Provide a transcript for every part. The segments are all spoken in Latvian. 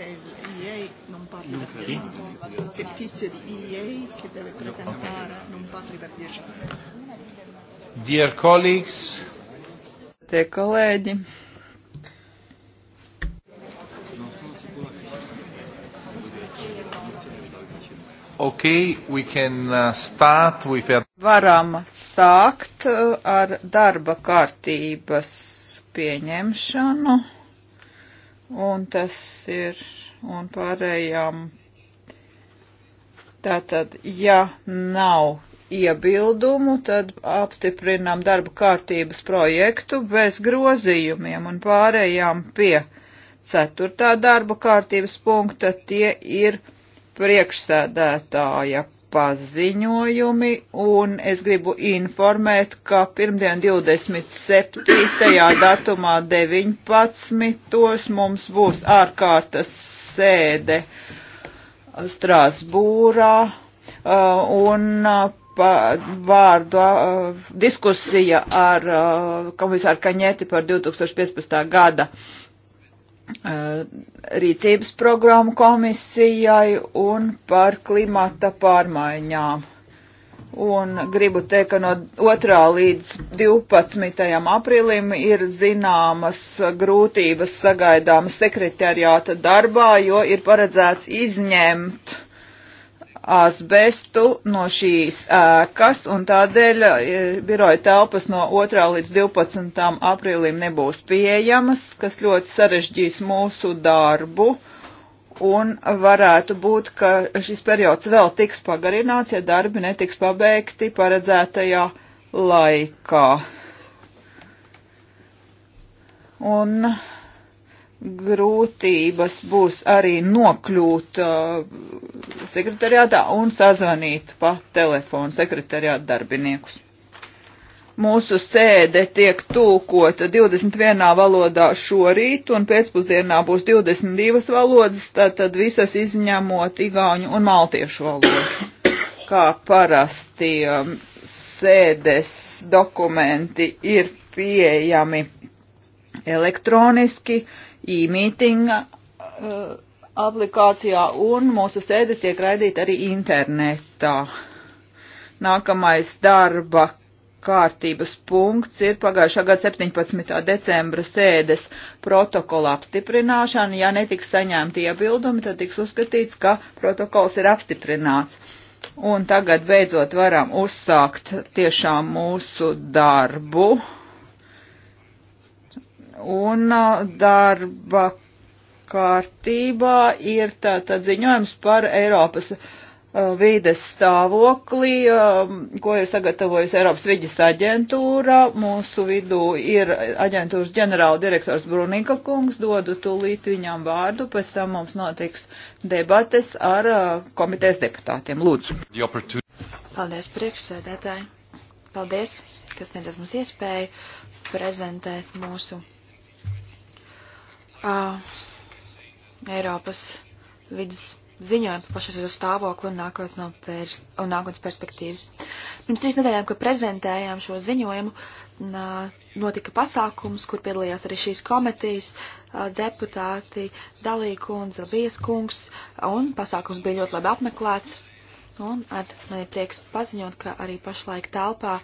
che l'IA e non parli non per 10 minuti, che il tizio di EA che deve presentare non parli per 10 minuti. Dear colleagues, Te colleghi. Okay, we can uh, start with a... Varam sākt ar darba kārtības pieņemšanu un tas ir un pārējām. Tātad, ja nav iebildumu, tad apstiprinām darba kārtības projektu bez grozījumiem un pārējām pie ceturtā darba kārtības punkta tie ir priekšsēdētāja paziņojumi, un es gribu informēt, ka pirmdien 27. datumā 19. mums būs ārkārtas sēde Strāsbūrā, uh, un uh, pa vārdu uh, diskusija ar komisāru Kaņēti par 2015. gada Uh, rīcības programmu komisijai un par klimata pārmaiņām. Un gribu teikt, ka no 2. līdz 12. aprīlim ir zināmas grūtības sagaidāmas sekretariāta darbā, jo ir paredzēts izņemt uh, asbestu no šīs ēkas, un tādēļ e, biroja telpas no 2. līdz 12. aprīlim nebūs pieejamas, kas ļoti sarežģīs mūsu darbu, un varētu būt, ka šis periods vēl tiks pagarināts, ja darbi netiks pabeigti paredzētajā laikā. Un uh, grūtības būs arī nokļūt uh, sekretariātā un sazvanīt pa telefonu sekretariāta darbiniekus. Mūsu sēde tiek tūkota 21. valodā šorīt, un pēcpusdienā būs 22 valodas, tātad visas izņemot igauņu un maltiešu valodu. Kā parasti um, sēdes dokumenti ir pieejami elektroniski, uh, e-meeting uh, e, aplikācijā un mūsu sēde tiek raidīta arī internetā. Nākamais darba kārtības punkts ir pagājušā gada 17. decembra sēdes protokola apstiprināšana. Ja netiks saņemti iebildumi, tad tiks uzskatīts, ka protokols ir apstiprināts. Un tagad beidzot varam uzsākt tiešām mūsu darbu. Un uh, darba kārtībā ir tātad ziņojums par Eiropas uh, vīdes stāvoklī, um, ko ir sagatavojusi Eiropas vidas aģentūra. Mūsu vidū ir aģentūras ģenerāla direktors Brunika kungs, dodu tūlīt viņam vārdu, pēc tam mums notiks debates ar uh, komitejas deputātiem. Lūdzu. Paldies priekšsēdētāji. Paldies, kas sniedzas mums iespēju prezentēt mūsu uh, Eiropas vidas ziņojumu par pašreizu stāvokli un, nākot no pers un nākotnes perspektīvas. Pirms trīs nedēļām, kad prezentējām šo ziņojumu, notika pasākums, kur piedalījās arī šīs komitejas deputāti Dalīkundze, Vieskungs, un pasākums bija ļoti labi apmeklēts. Un ar mani prieks paziņot, ka arī pašlaik telpā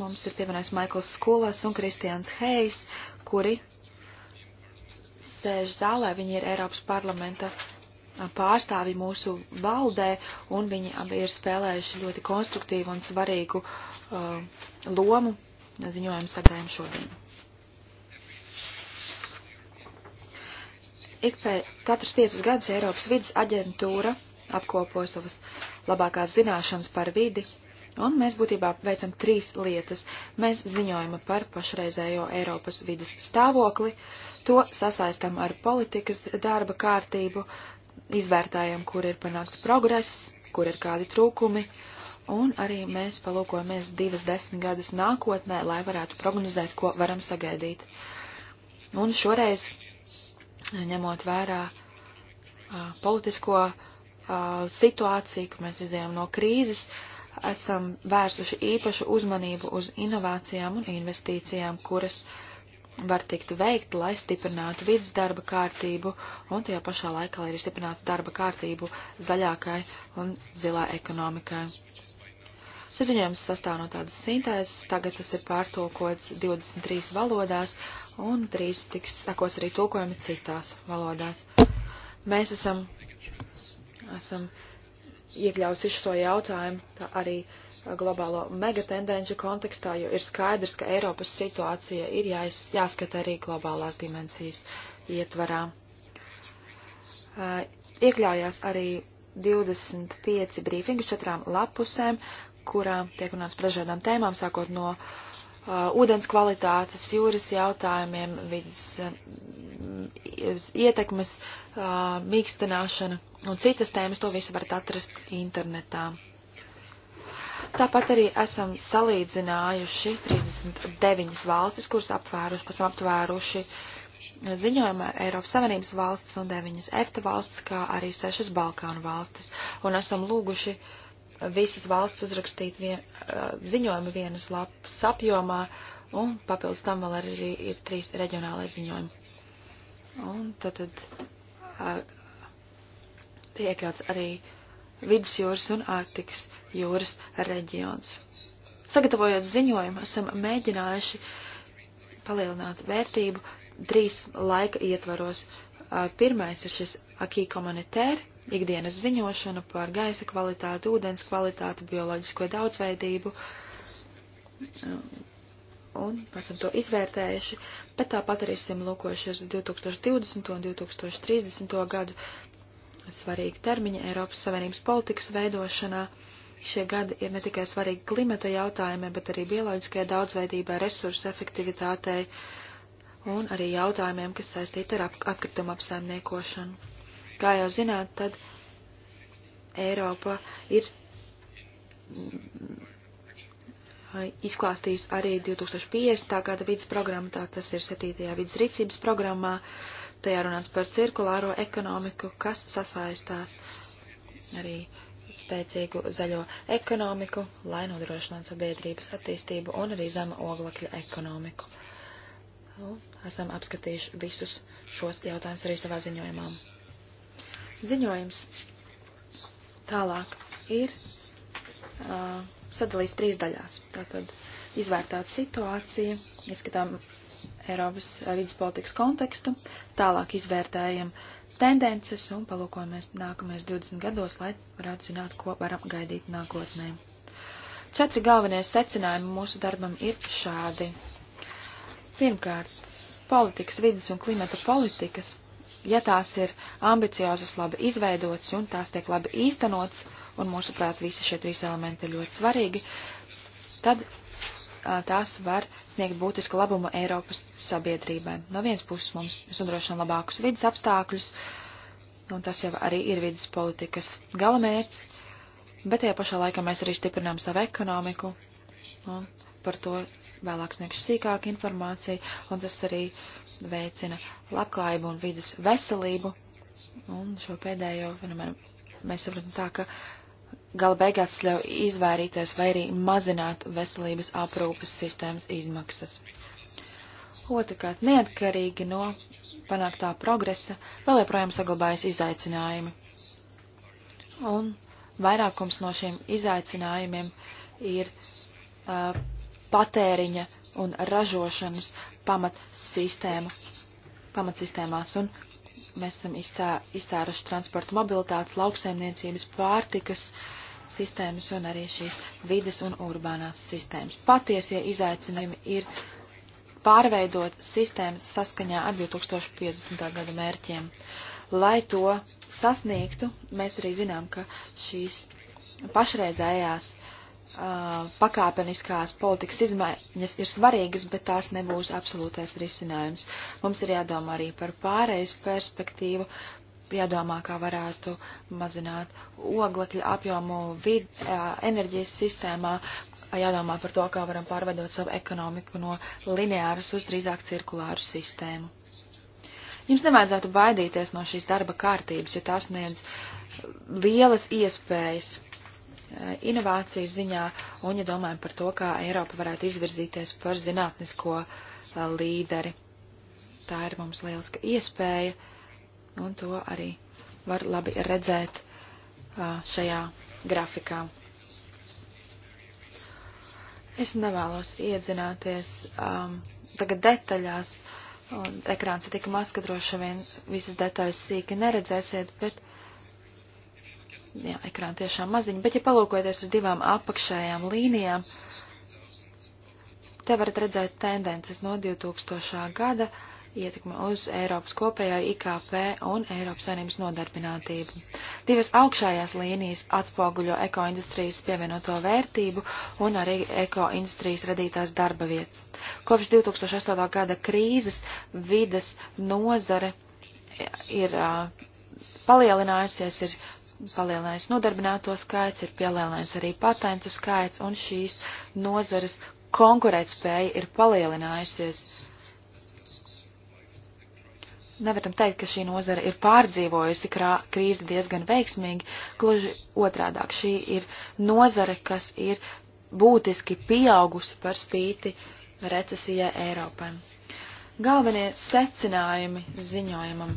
mums ir pievienojis Maikls Skolas un Kristians Hejs, kuri sēž zālē, viņi ir Eiropas parlamenta pārstāvi mūsu valdē, un viņi abi ir spēlējuši ļoti konstruktīvu un svarīgu uh, lomu ziņojumu sagājumu šodien. Ik pēc katrs piecus gadus Eiropas vidas aģentūra apkopo savas labākās zināšanas par vidi Un mēs būtībā veicam trīs lietas. Mēs ziņojam par pašreizējo Eiropas vidas stāvokli, to sasaistam ar politikas darba kārtību, izvērtējam, kur ir panākts progress, kur ir kādi trūkumi, un arī mēs palūkojamies divas desmit gadus nākotnē, lai varētu prognozēt, ko varam sagaidīt. Un šoreiz, ņemot vērā uh, politisko uh, situāciju, ka mēs izējām no krīzes, uh, esam vērsuši īpašu uzmanību uz inovācijām un investīcijām, kuras var tikt veikt, lai stiprinātu vidas darba kārtību un tajā pašā laikā, lai arī stiprinātu darba kārtību zaļākai un zilā ekonomikai. Šis ziņojums sastāv no tādas sintēzes, tagad tas ir pārtulkots 23 valodās un drīz tiks sekos arī tulkojumi citās valodās. Mēs esam, esam uh, iekļaus visu šo jautājumu arī uh, globālo megatendenču kontekstā, jo ir skaidrs, ka Eiropas situācija ir jās, jāskata arī globālās dimensijas ietvarā. Uh, Iekļaujās arī 25 brīfingi četrām lapusēm, kurā tiek runāts par dažādām tēmām, sākot no uh, uh, ūdens kvalitātes, jūras jautājumiem, vidas uh, ietekmes, uh, mīkstināšana un citas tēmas, to visu varat atrast internetā. Tāpat arī esam salīdzinājuši 39 valstis, kuras apvēruši, kas aptvēruši ziņojumā Eiropas Savienības valstis un 9 EFTA valstis, kā arī 6 Balkānu valstis. Un esam lūguši uh, visas valsts uzrakstīt vien, uh, ziņojumu vienas lapas apjomā, un papildus tam vēl arī ir trīs reģionālai ziņojumi. Un tad, tad uh, tiek iekļauts arī vidusjūras un Ārtikas jūras reģions. Sagatavojot ziņojumu, esam mēģinājuši palielināt vērtību trīs laika ietvaros. Uh, pirmais ir šis akī komunitēri, ikdienas ziņošanu par gaisa kvalitāti, ūdens kvalitāti, bioloģisko daudzveidību. Un esam to izvērtējuši, bet tāpat arī esam lūkojušies 2020. un 2030. gadu svarīgi termiņi Eiropas Savienības politikas veidošanā. Šie gadi ir ne tikai svarīgi klimata jautājumiem, bet arī bioloģiskajai daudzveidībai, resursu efektivitātei un arī jautājumiem, kas saistīti ar atkrituma apsaimniekošanu. Kā jau zināt, tad Eiropa ir mm, izklāstījusi arī 2050. gada vidas programmu, tā tas ir 7. vidas rīcības programmā. Tajā runāts par cirkulāro ekonomiku, kas sasaistās arī spēcīgu zaļo ekonomiku, lai nodrošinātu sabiedrības attīstību un arī zema oglekļa ekonomiku. Nu, esam apskatījuši visus šos jautājumus arī savā ziņojumā ziņojums tālāk ir uh, sadalīts trīs daļās. Tātad izvērtāt situāciju, izskatām Eiropas vidas politikas kontekstu, tālāk izvērtējam tendences un palūkojamies nākamajos 20 gados, lai varētu zināt, ko varam gaidīt nākotnē. Četri galvenie secinājumi mūsu darbam ir šādi. Pirmkārt, politikas, vidas un klimata politikas ja tās ir ambiciozas, labi izveidotas un tās tiek labi īstenotas, un mūsuprāt visi šie trīs elementi ir ļoti svarīgi, tad tās var sniegt būtisku labumu Eiropas sabiedrībai. No vienas puses mums nodrošina labākus vidas apstākļus, un tas jau arī ir vidas politikas galamērķis, bet tajā pašā laikā mēs arī stiprinām savu ekonomiku. Un par to vēlāk sniegšu sīkāku informāciju, un tas arī veicina labklājību un vidas veselību. Un šo pēdējo, vienmēr, mēs saprotam tā, ka gala beigās tas ļauj izvairīties vai arī mazināt veselības aprūpes sistēmas izmaksas. Otrakārt, neatkarīgi no panāktā progresa, vēl joprojām saglabājas izaicinājumi. Un vairākums no šiem izaicinājumiem ir uh, patēriņa un ražošanas pamatsistēmu, pamatsistēmās, un mēs esam izcā, izcēruši transporta mobilitātes, lauksaimniecības, pārtikas sistēmas un arī šīs vides un urbānās sistēmas. Patiesie izaicinājumi ir pārveidot sistēmas saskaņā ar 2050. gada mērķiem. Lai to sasniegtu, mēs arī zinām, ka šīs pašreizējās uh, pakāpeniskās politikas izmaiņas ir svarīgas, bet tās nebūs absolūtais risinājums. Mums ir jādomā arī par pārejas perspektīvu, jādomā, kā varētu mazināt oglekļa apjomu vid, enerģijas sistēmā, jādomā par to, kā varam pārveidot savu ekonomiku no lineāras uz drīzāk cirkulāru sistēmu. Jums nevajadzētu baidīties no šīs darba kārtības, jo tās sniedz lielas iespējas Eh, inovāciju ziņā, un ja domājam par to, kā Eiropa varētu izvirzīties par zinātnisko eh, līderi. Tā ir mums lieliska iespēja, un to arī var labi redzēt eh, šajā grafikā. Es nevēlos iedzināties um, tagad detaļās, un ekrāns ir tik maz, ka droši vien visas detaļas sīki neredzēsiet, bet uh, jā, ekrāna tiešām maziņa, bet ja palūkojaties uz divām apakšējām līnijām, te varat redzēt tendences no 2000. gada ietekme uz Eiropas kopējo IKP un Eiropas saimnības nodarbinātību. Divas augšējās līnijas atspoguļo ekoindustrijas pievienoto vērtību un arī ekoindustrijas radītās darba vietas. Kopš 2008. gada krīzes vides nozare ir uh, palielinājusies, ir palielinājis nodarbināto skaits, ir palielinājis arī patentu skaits, un šīs nozares konkurētspēja ir palielinājusies. Nevaram teikt, ka šī nozara ir pārdzīvojusi krā, krīzi diezgan veiksmīgi, gluži otrādāk. Šī ir nozara, kas ir būtiski pieaugusi par spīti recesijai Eiropai. Galvenie secinājumi ziņojumam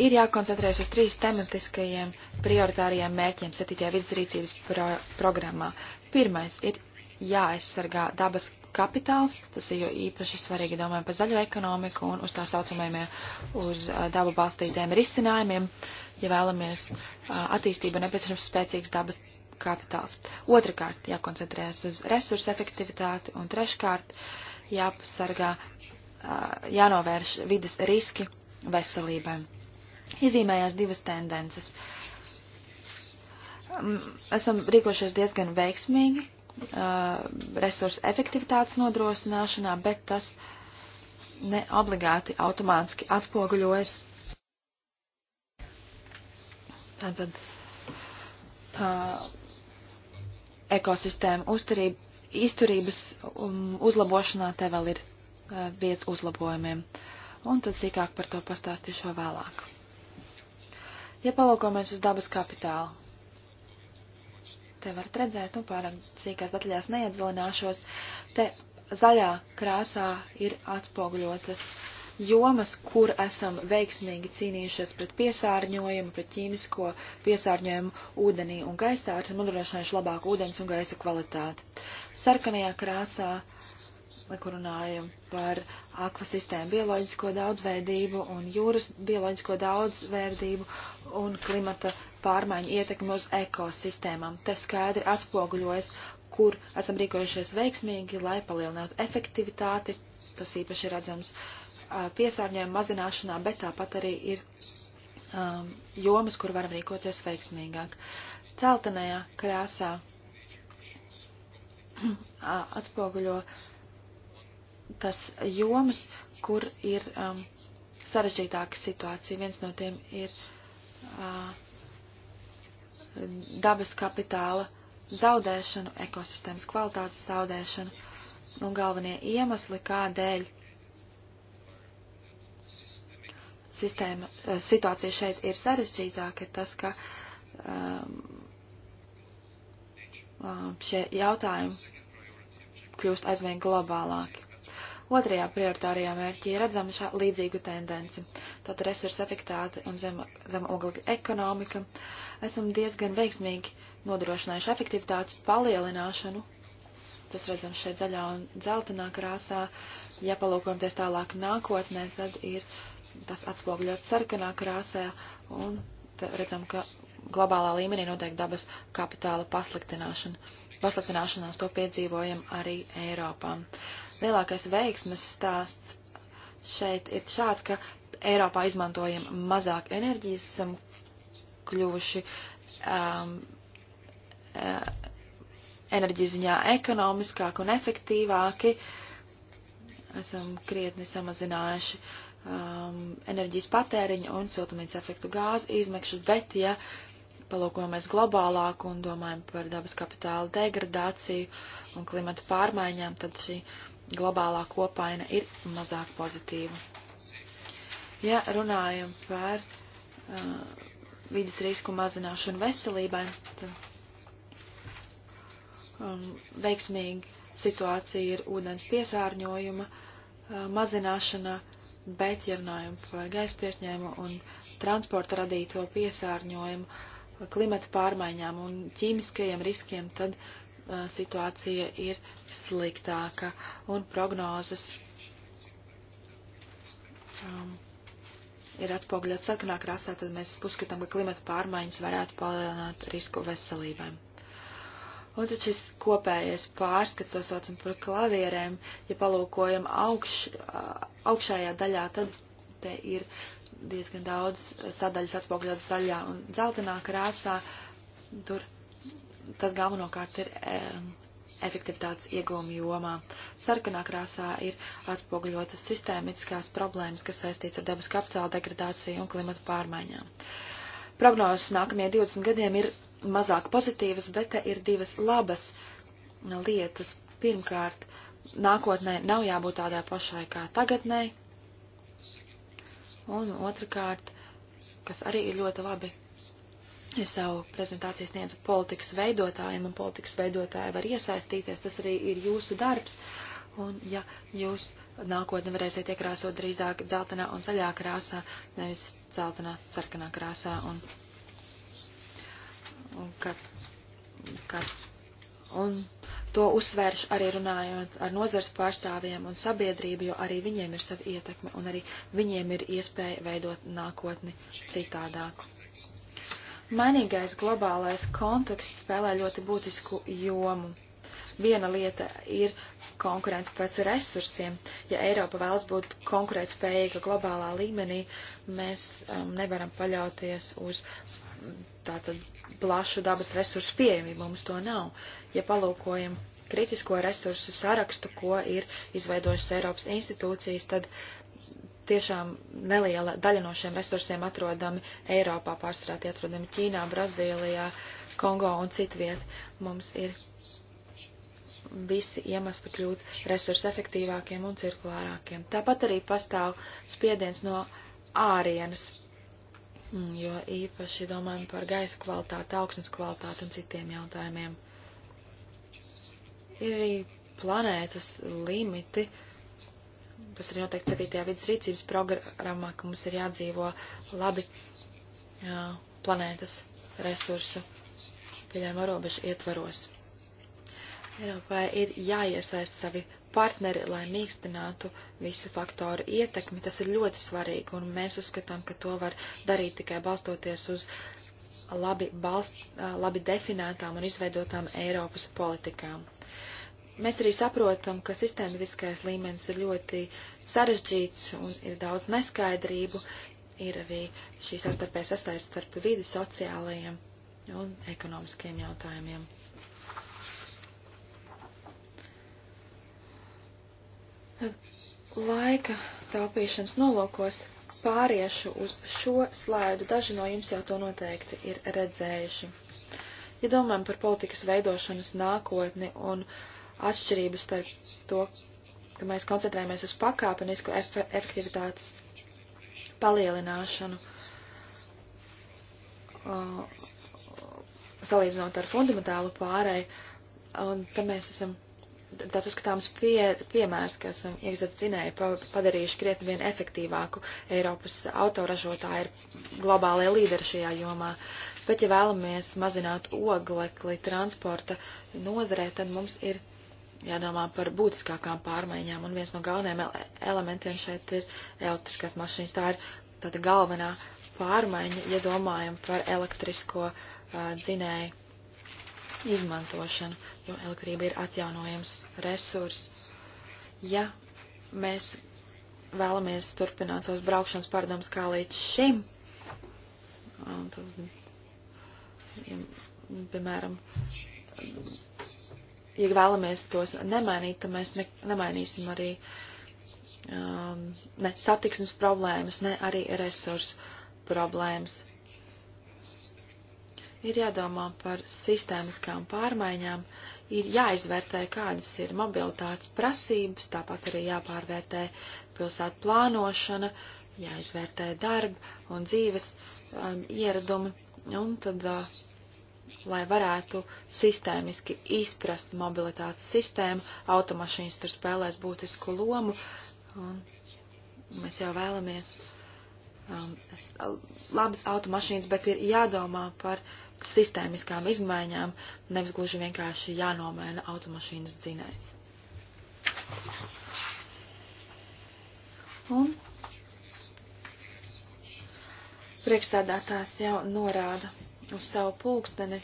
ir jākoncentrējas uz trīs tematiskajiem prioritāriem mērķiem 7. vidusrīcības pro programmā. Pirmais ir jāaizsargā dabas kapitāls, tas ir jo īpaši svarīgi domājam par zaļo ekonomiku un uz tā saucamajiem uz dabu balstītiem risinājumiem. Ja vēlamies attīstību, nepieciešams spēcīgs dabas kapitāls. Otrakārt, jākoncentrējas uz resursu efektivitāti un treškārt, jāpasargā, jānovērš vidas riski veselībai. Iezīmējās divas tendences. Mm, esam rīkošies diezgan veiksmīgi resursu efektivitātes nodrošināšanā, bet tas ne obligāti automātiski atspoguļojas. Tātad uh, ekosistēma uzturība, izturības um, uzlabošanā te vēl ir uh, vieta uzlabojumiem. Un tad sīkāk par to pastāstīšu vēlāk. Ja palūkojamies uz dabas kapitālu, te varat redzēt, nu pārāk cīkās detaļās neiedzilināšos, te zaļā krāsā ir atspoguļotas jomas, kur esam veiksmīgi cīnījušies pret piesārņojumu, pret ķīmisko piesārņojumu ūdenī un gaisā, esam nodrošinājuši labāku ūdens un gaisa kvalitāti. Sarkanajā krāsā uh, kur runājam par akvasistēmu bioloģisko daudzveidību un jūras bioloģisko daudzveidību un klimata pārmaiņu ietekmi uz ekosistēmām. Tas skaidri atspoguļojas, kur esam rīkojušies veiksmīgi, lai palielinātu efektivitāti. Tas īpaši ir redzams piesārņojuma mazināšanā, bet tāpat arī ir um, jomas, kur varam rīkoties veiksmīgāk. Celtenajā krāsā atspoguļo uh, tas jomas, kur ir um, sarežģītāka situācija. Viens no tiem ir uh, dabas kapitāla zaudēšana, ekosistēmas kvalitātes zaudēšana un galvenie iemesli, kādēļ sistēma, uh, situācija šeit ir sarežģītāka, ir tas, ka um, uh, šie jautājumi kļūst aizvien globālāki. Otrajā prioritārajā mērķī redzam šā līdzīgu tendenci. Tātad resursa efektāte un zema, zema oglekļa ekonomika. Esam diezgan veiksmīgi nodrošinājuši efektivitātes palielināšanu. Tas redzam šeit zaļā un dzeltenā krāsā. Ja palūkojamies tālāk nākotnē, tad ir tas atspoguļot sarkanā krāsā un redzam, ka globālā līmenī notiek dabas kapitāla pasliktināšana pasliktināšanās to piedzīvojam arī Eiropā. Lielākais veiksmes stāsts šeit ir šāds, ka Eiropā izmantojam mazāk enerģijas, esam kļuvuši um, eh, enerģijas ziņā ekonomiskāk un efektīvāki, esam krietni samazinājuši um, enerģijas patēriņu un siltumnīca efektu gāzu izmekšu, bet ja uh, palūkojamies globālāk un domājam par dabas kapitāla degradāciju un klimata pārmaiņām, tad šī globālā kopaina ir mazāk pozitīva. Ja runājam par uh, vidas risku mazināšanu veselībai, tad um, veiksmīgi situācija ir ūdens piesārņojuma uh, mazināšana, bet, ja runājam par gaisa piesņēmu un transporta radīto piesārņojumu, uh, klimata pārmaiņām un ķīmiskajiem riskiem, tad uh, situācija ir sliktāka un prognozes um, ir atspogļot sarkanā krāsā, tad mēs uzskatām, ka klimata pārmaiņas varētu palielināt risku veselībai. Un tad šis kopējais pārskats, to saucam par klavierēm, ja palūkojam augš, uh, augšējā daļā, tad te ir diezgan daudz sadaļas atspogļotas zaļā un dzeltenā krāsā. Tur tas galvenokārt ir e, efektivitātes iegūma jomā. Sarkanā krāsā ir atspogļotas sistēmiskās problēmas, kas saistīts ar dabas kapitāla degradāciju un klimatu pārmaiņām. Prognozes nākamajiem 20 gadiem ir mazāk pozitīvas, bet te ir divas labas lietas. Pirmkārt, nākotnē nav jābūt tādai pašai kā tagadnei Un otrkārt, kas arī ir ļoti labi, es savu prezentāciju sniedzu politikas veidotājiem, un politikas veidotāji var iesaistīties, tas arī ir jūsu darbs. Un ja jūs nākotnē varēsiet iekrāsot drīzāk dzeltenā un zaļā krāsā, nevis dzeltenā, sarkanā krāsā, un, un, kad, kad, un To uzsvēršu arī runājot ar nozars pārstāvjiem un sabiedrību, jo arī viņiem ir sava ietekme un arī viņiem ir iespēja veidot nākotni citādāku. Mainīgais globālais konteksts spēlē ļoti būtisku jomu viena lieta ir konkurence pēc resursiem. Ja Eiropa vēlas būt konkurētspējīga globālā līmenī, mēs um, nevaram paļauties uz tātad plašu dabas resursu pieejamību, mums to nav. Ja palūkojam kritisko resursu sarakstu, ko ir izveidojušas Eiropas institūcijas, tad tiešām neliela daļa no šiem resursiem atrodami Eiropā, pārstrā tie atrodami Ķīnā, Brazīlijā, Kongo un citviet. Mums ir visi iemesli kļūt resursu efektīvākiem un cirkulārākiem. Tāpat arī pastāv spiediens no ārienes Mm, jo īpaši domājam par gaisa kvalitāti, augsnes kvalitāti un citiem jautājumiem. Ir arī planētas limiti, tas ir noteikti 7. vidas rīcības programmā, ka mums ir jādzīvo labi jā, planētas resursu pieļaujamo robežu ietvaros. Eiropai ir jāiesaist savi partneri, lai mīkstinātu visu faktoru ietekmi. Tas ir ļoti svarīgi, un mēs uzskatām, ka to var darīt tikai balstoties uz labi, balst, labi definētām un izveidotām Eiropas politikām. Mēs arī saprotam, ka sistēmiskais līmenis ir ļoti sarežģīts un ir daudz neskaidrību, ir arī šī savstarpēja sasaist starp vidi sociālajiem un ekonomiskajiem jautājumiem. laika taupīšanas nolūkos pāriešu uz šo slaidu. Daži no jums jau to noteikti ir redzējuši. Ja domājam par politikas veidošanas nākotni un atšķirību starp to, ka mēs koncentrējamies uz pakāpenisku efektivitātes palielināšanu, uh, salīdzinot ar fundamentālu pārēju, un te mēs esam tāds uzskatāms pie, piemērs, ka um, esam iekšzemes zinēju pa, padarījuši krietni vien efektīvāku. Eiropas autoražotāji ir globālajie līderi šajā jomā. Bet, ja vēlamies mazināt oglekli transporta nozarē, tad mums ir jādomā par būtiskākām pārmaiņām. Un viens no galvenajiem ele elementiem šeit ir elektriskās mašīnas. Tā ir tāda galvenā pārmaiņa, ja domājam par elektrisko uh, dzinēju izmantošanu, jo elektrība ir atjaunojams resurs. Ja mēs vēlamies turpināt savus braukšanas pārdomas kā līdz šim, tad, piemēram, ja vēlamies tos nemainīt, tad mēs ne, nemainīsim arī um, ne satiksmes problēmas, ne arī resursu problēmas ir jādomā par sistēmiskām pārmaiņām, ir jāizvērtē, kādas ir mobilitātes prasības, tāpat arī jāpārvērtē pilsētu plānošana, jāizvērtē darba un dzīves um, ieradumi, un tad, uh, lai varētu sistēmiski izprast mobilitātes sistēmu, automašīnas tur spēlēs būtisku lomu, un mēs jau vēlamies um, labas automašīnas, bet ir jādomā par sistēmiskām izmaiņām, nevis gluži vienkārši jānomaina automašīnas dzinējs. Un priekšsēdētājs jau norāda uz savu pulksteni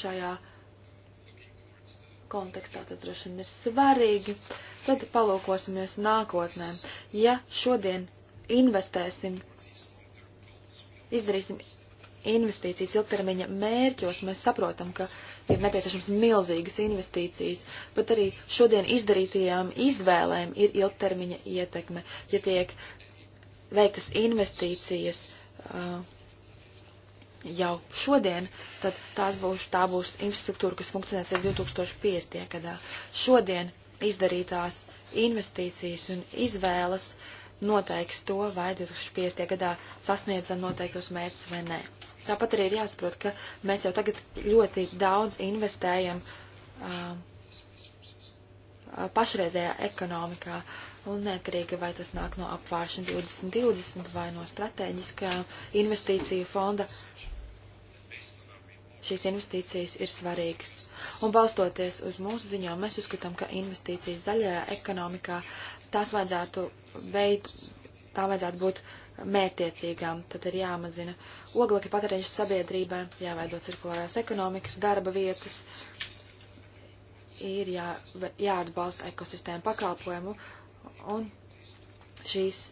šajā kontekstā, tas droši vien ir svarīgi. Tad palūkosimies nākotnē. Ja šodien investēsim, izdarīsim investīcijas ilgtermiņa mērķos, mēs saprotam, ka ir nepieciešams milzīgas investīcijas, bet arī šodien izdarītajām izvēlēm ir ilgtermiņa ietekme. Ja tiek veiktas investīcijas uh, jau šodien, tad tās būs, tā būs infrastruktūra, kas funkcionēs ar 2050. gadā. Šodien izdarītās investīcijas un izvēles noteiks to, vai 2050. gadā sasniedzam noteiktos mērķus vai nē. Tāpat arī ir jāsaprot, ka mēs jau tagad ļoti daudz investējam uh, pašreizējā ekonomikā un neatkarīgi vai tas nāk no apvāršana 2020 vai no strateģiskā investīciju fonda. Šīs investīcijas ir svarīgas. Un balstoties uz mūsu ziņām, mēs uzskatām, ka investīcijas zaļajā ekonomikā tās vajadzētu veid, tā vajadzētu būt mērtiecīgām. Tad ir jāmazina oglekļa patēriņš sabiedrībai, jāveido cirkulārās ekonomikas, darba vietas, ir jā, jāatbalsta ekosistēma pakalpojumu, un šīs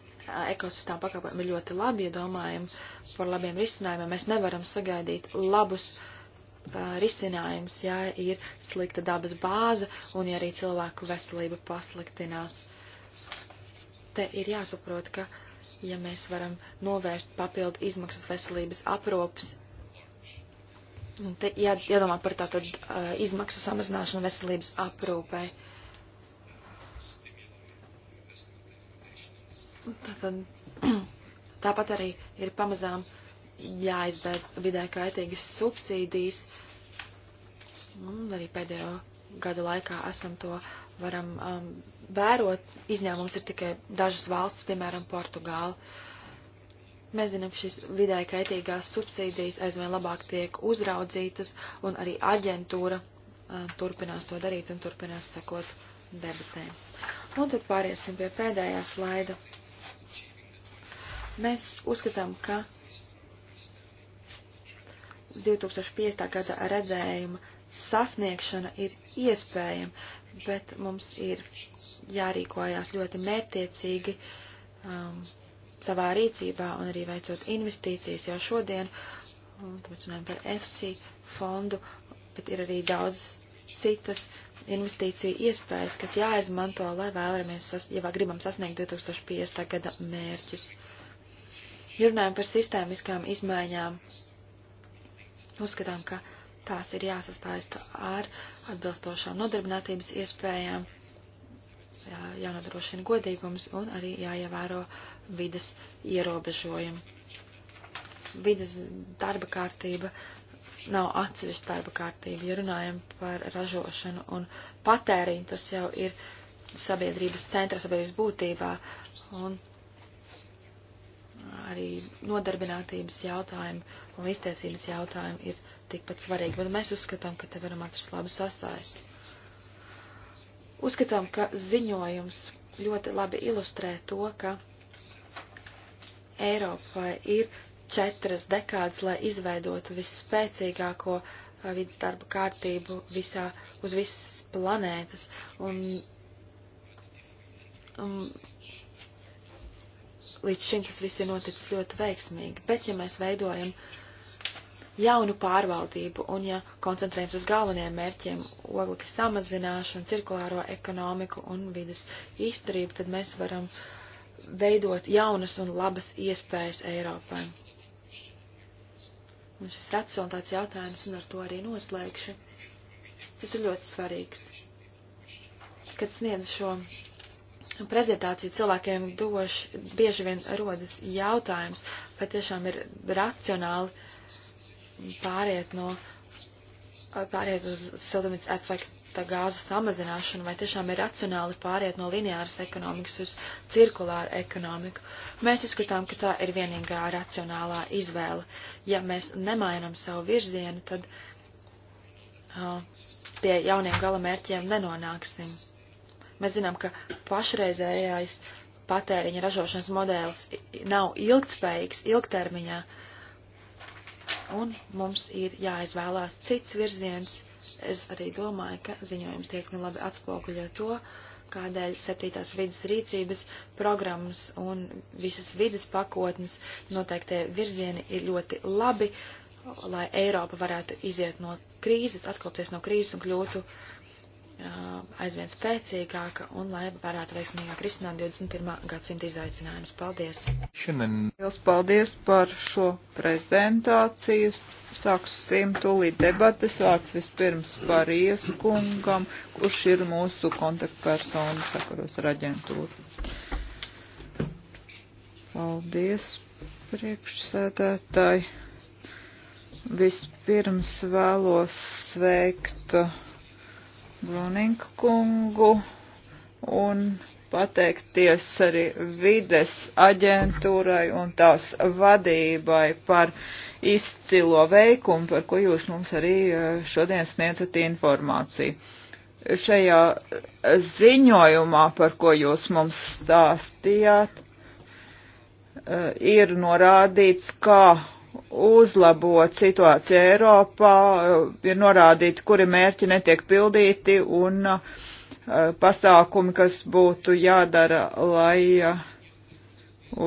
ekosistēma pakalpojumi ir ļoti labi, ja domājam par labiem risinājumiem. Mēs nevaram sagaidīt labus uh, risinājumus, ja ir slikta dabas bāze un ja arī cilvēku veselība pasliktinās. Uh, te ir jāsaprot, ka, ja mēs varam novērst papildu izmaksas veselības aprops, te jā, jādomā par tātad uh, izmaksu samazināšanu veselības aprūpē. Tātad, tāpat arī ir pamazām jāizbēdz vidē kaitīgas subsīdijas. Un arī pēdējo gadu laikā esam to varam um, vērot. Izņēmums ir tikai dažas valsts, piemēram, Portugāla. Mēs zinām, šīs vidē kaitīgās subsīdijas aizvien labāk tiek uzraudzītas, un arī aģentūra uh, turpinās to darīt un turpinās sekot debatēm. Nu, un tad pāriesim pie pēdējā slaida. Mēs uzskatām, ka 2005. gada redzējuma sasniegšana ir iespējama, bet mums ir jārīkojās ļoti mērtiecīgi um, savā rīcībā un arī veicot investīcijas jau šodien. Un, tāpēc runājam par FC fondu, bet ir arī daudz citas investīciju iespējas, kas jāizmanto, lai vēlamies, sas, ja vēl gribam sasniegt 2050. gada mērķus. Ja runājam par sistēmiskām izmaiņām, uzskatām, ka Tās ir jāsastāsta ar atbilstošām nodarbinātības iespējām, jā, jānodrošina godīgums un arī jāievēro vidas ierobežojumi. Vidas darba kārtība nav atsevišķa darba kārtība. Ja runājam par ražošanu un patēriņu, tas jau ir sabiedrības centra, sabiedrības būtībā, un arī nodarbinātības jautājumi un līdztiesības jautājumi ir tikpat svarīgi, bet mēs uzskatām, ka te varam atrast labu sastāstu. Uzskatām, ka ziņojums ļoti labi ilustrē to, ka Eiropai ir četras dekādas, lai izveidotu visspēcīgāko uh, vidas darba kārtību visā, uz visas planētas. Un, um, līdz šim tas viss ir noticis ļoti veiksmīgi, bet ja mēs veidojam jaunu pārvaldību un ja koncentrējamies uz galvenajiem mērķiem - oglika samazināšanu, cirkulāro ekonomiku un vidas izturību, tad mēs varam veidot jaunas un labas iespējas Eiropai. Un šis racionāls jautājums, un ar to arī noslēgšu, tas ir ļoti svarīgs. Kad sniedzu šo prezentāciju cilvēkiem doš, bieži vien rodas jautājums, vai tiešām ir racionāli pāriet no pāriet uz sildumītas efekta gāzu samazināšanu, vai tiešām ir racionāli pāriet no lineāras ekonomikas uz cirkulāru ekonomiku. Mēs izskatām, ka tā ir vienīgā racionālā izvēle. Ja mēs nemainam savu virzienu, tad uh, pie jauniem galamērķiem nenonāksim. Mēs zinām, ka pašreizējais patēriņa ražošanas modelis nav ilgtspējīgs ilgtermiņā, un mums ir jāizvēlās cits virziens. Es arī domāju, ka ziņojums diezgan labi atspoguļo to, kādēļ septītās vidas rīcības programmas un visas vidas pakotnes noteiktie virzieni ir ļoti labi, lai Eiropa varētu iziet no krīzes, atkopties no krīzes un kļūtu Uh, aizvien spēcīgāka un lai varētu veiksmīgāk risināt 21. gadsimta izaicinājumus. Paldies! Šodien. Liels paldies par šo prezentāciju. Sāksim tūlīt debates vārds vispirms par ieskungam, kurš ir mūsu kontaktpersona sakaros ar aģentūru. Paldies, priekšsēdētāji. Vispirms vēlos sveikt uh, Bruninku kungu un pateikties arī vides aģentūrai un tās vadībai par izcilo veikumu, par ko jūs mums arī eh, šodien sniedzat informāciju. Šajā ziņojumā, par ko jūs mums stāstījāt, eh, ir norādīts, kā uzlabot situāciju Eiropā, eh, ir norādīti, kuri mērķi netiek pildīti un eh, pasākumi, kas būtu jādara, lai eh,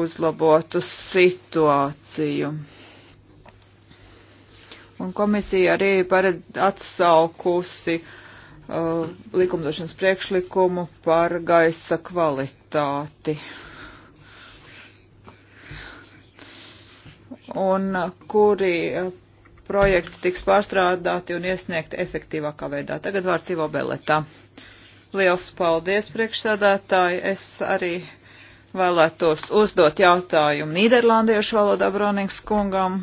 uzlabotu situāciju. Un komisija arī paredz atsaukusi uh, likumdošanas priekšlikumu par gaisa kvalitāti. Uh, un kuri eh, projekti tiks pārstrādāti un iesniegti efektīvākā veidā. Tagad vārds Ivo Beletā. Liels paldies, priekšsādātāji. Es arī vēlētos uzdot jautājumu Nīderlandiešu valodā Bronings kungam.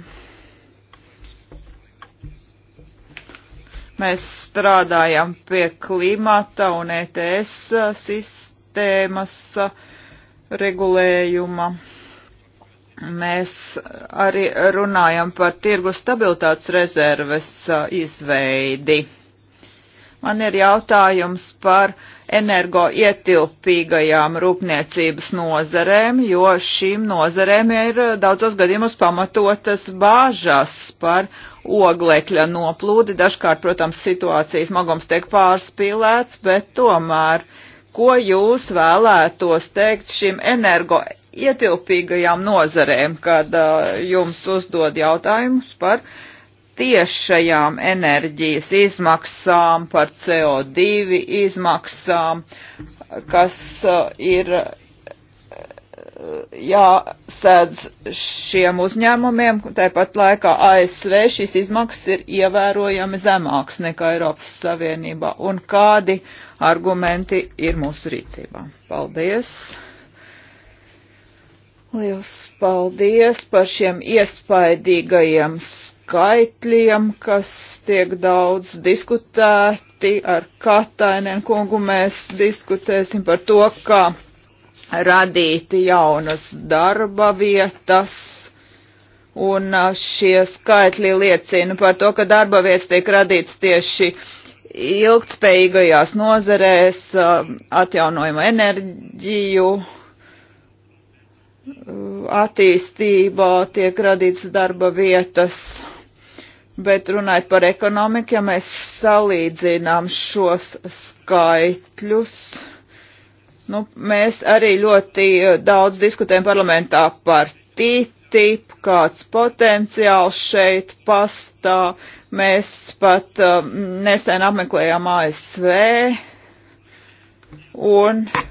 Mēs strādājam pie klimata un ETS sistēmas regulējuma. Mēs arī runājam par tirgu stabilitātes rezerves izveidi. Man ir jautājums par energoietilpīgajām rūpniecības nozarēm, jo šīm nozarēm ir daudzos gadījumos pamatotas bāžas par oglekļa noplūdi. Dažkārt, protams, situācijas magums tiek pārspīlēts, bet tomēr, ko jūs vēlētos teikt šim energoietilpīgajām? ietilpīgajām nozarēm, kad uh, jums uzdod jautājumus par tiešajām enerģijas izmaksām, par CO2 izmaksām, kas uh, ir uh, jāsēdz šiem uzņēmumiem, tāpat laikā ASV šīs izmaksas ir ievērojami zemāks nekā Eiropas Savienībā, un kādi argumenti ir mūsu rīcībā. Paldies! Liels paldies par šiem iespaidīgajiem skaitļiem, kas tiek daudz diskutēti ar Katainen kungu. Mēs diskutēsim par to, kā radīt jaunas darba vietas. Un šie skaitļi liecina par to, ka darba vietas tiek radīts tieši ilgtspējīgajās nozerēs, atjaunojumu enerģiju attīstība, tiek radītas darba vietas. Bet runājot par ekonomiku, ja mēs salīdzinām šos skaitļus, nu, mēs arī ļoti eh, daudz diskutējam parlamentā par TTIP, kāds potenciāls šeit pastāv. Mēs pat um, nesen apmeklējām ASV un uh,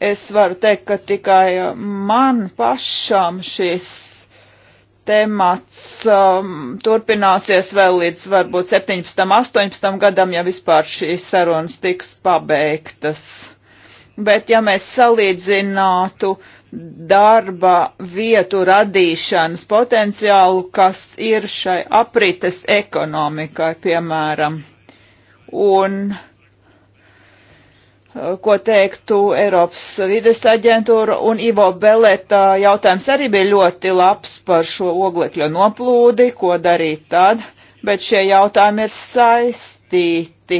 Es varu teikt, ka tikai uh, man pašam šis temats um, turpināsies vēl līdz varbūt 17. 18. gadam, ja vispār šīs sarunas tiks pabeigtas. Bet ja mēs salīdzinātu darba vietu radīšanas potenciālu, kas ir šai aprites ekonomikai, piemēram, un uh, Eh, ko teiktu Eiropas vides aģentūra, un Ivo Beleta jautājums arī bija ļoti labs par šo oglekļa noplūdi, ko darīt tad, bet šie jautājumi ir saistīti.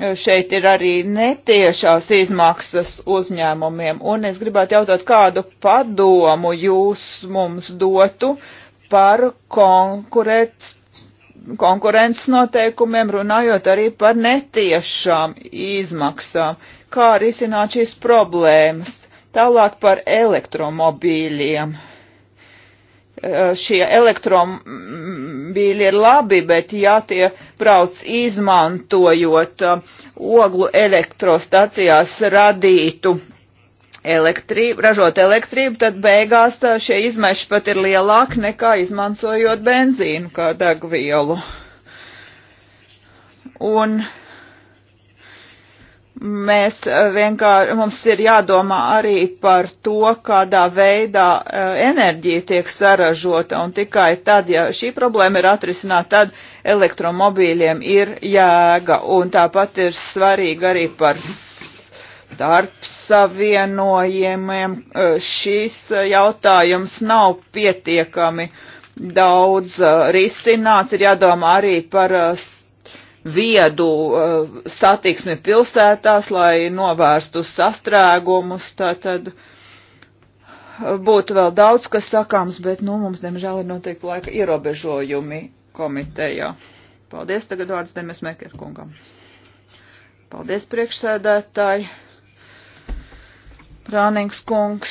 Eh, šeit ir arī netiešās izmaksas uzņēmumiem, un es gribētu jautāt, kādu padomu jūs mums dotu par konkurēt konkurences noteikumiem, runājot arī par netiešām izmaksām, kā risināt šīs problēmas. Tālāk par elektromobīļiem. Eh, šie elektromobīļi ir labi, bet ja tie brauc izmantojot eh, oglu elektrostacijās radītu elektrību, ražot elektrību, tad beigās šie izmeši pat ir lielāki nekā izmantojot benzīnu kā degvielu. Un mēs vienkārši, mums ir jādomā arī par to, kādā veidā enerģija tiek saražota, un tikai tad, ja šī problēma ir atrisināta, tad elektromobīļiem ir jēga, un tāpat ir svarīgi arī par starpsavienojumiem. Šis jautājums nav pietiekami daudz risināts, ir jādomā arī par viedu satiksmi pilsētās, lai novērstu sastrēgumus. Tātad būtu vēl daudz, kas sakāms, bet nu, mums, diemžēl, ir noteikti laika ierobežojumi komitejā. Paldies, tagad vārds Demes Mekerkungam. Paldies, priekšsēdētāji. Prānings kungs,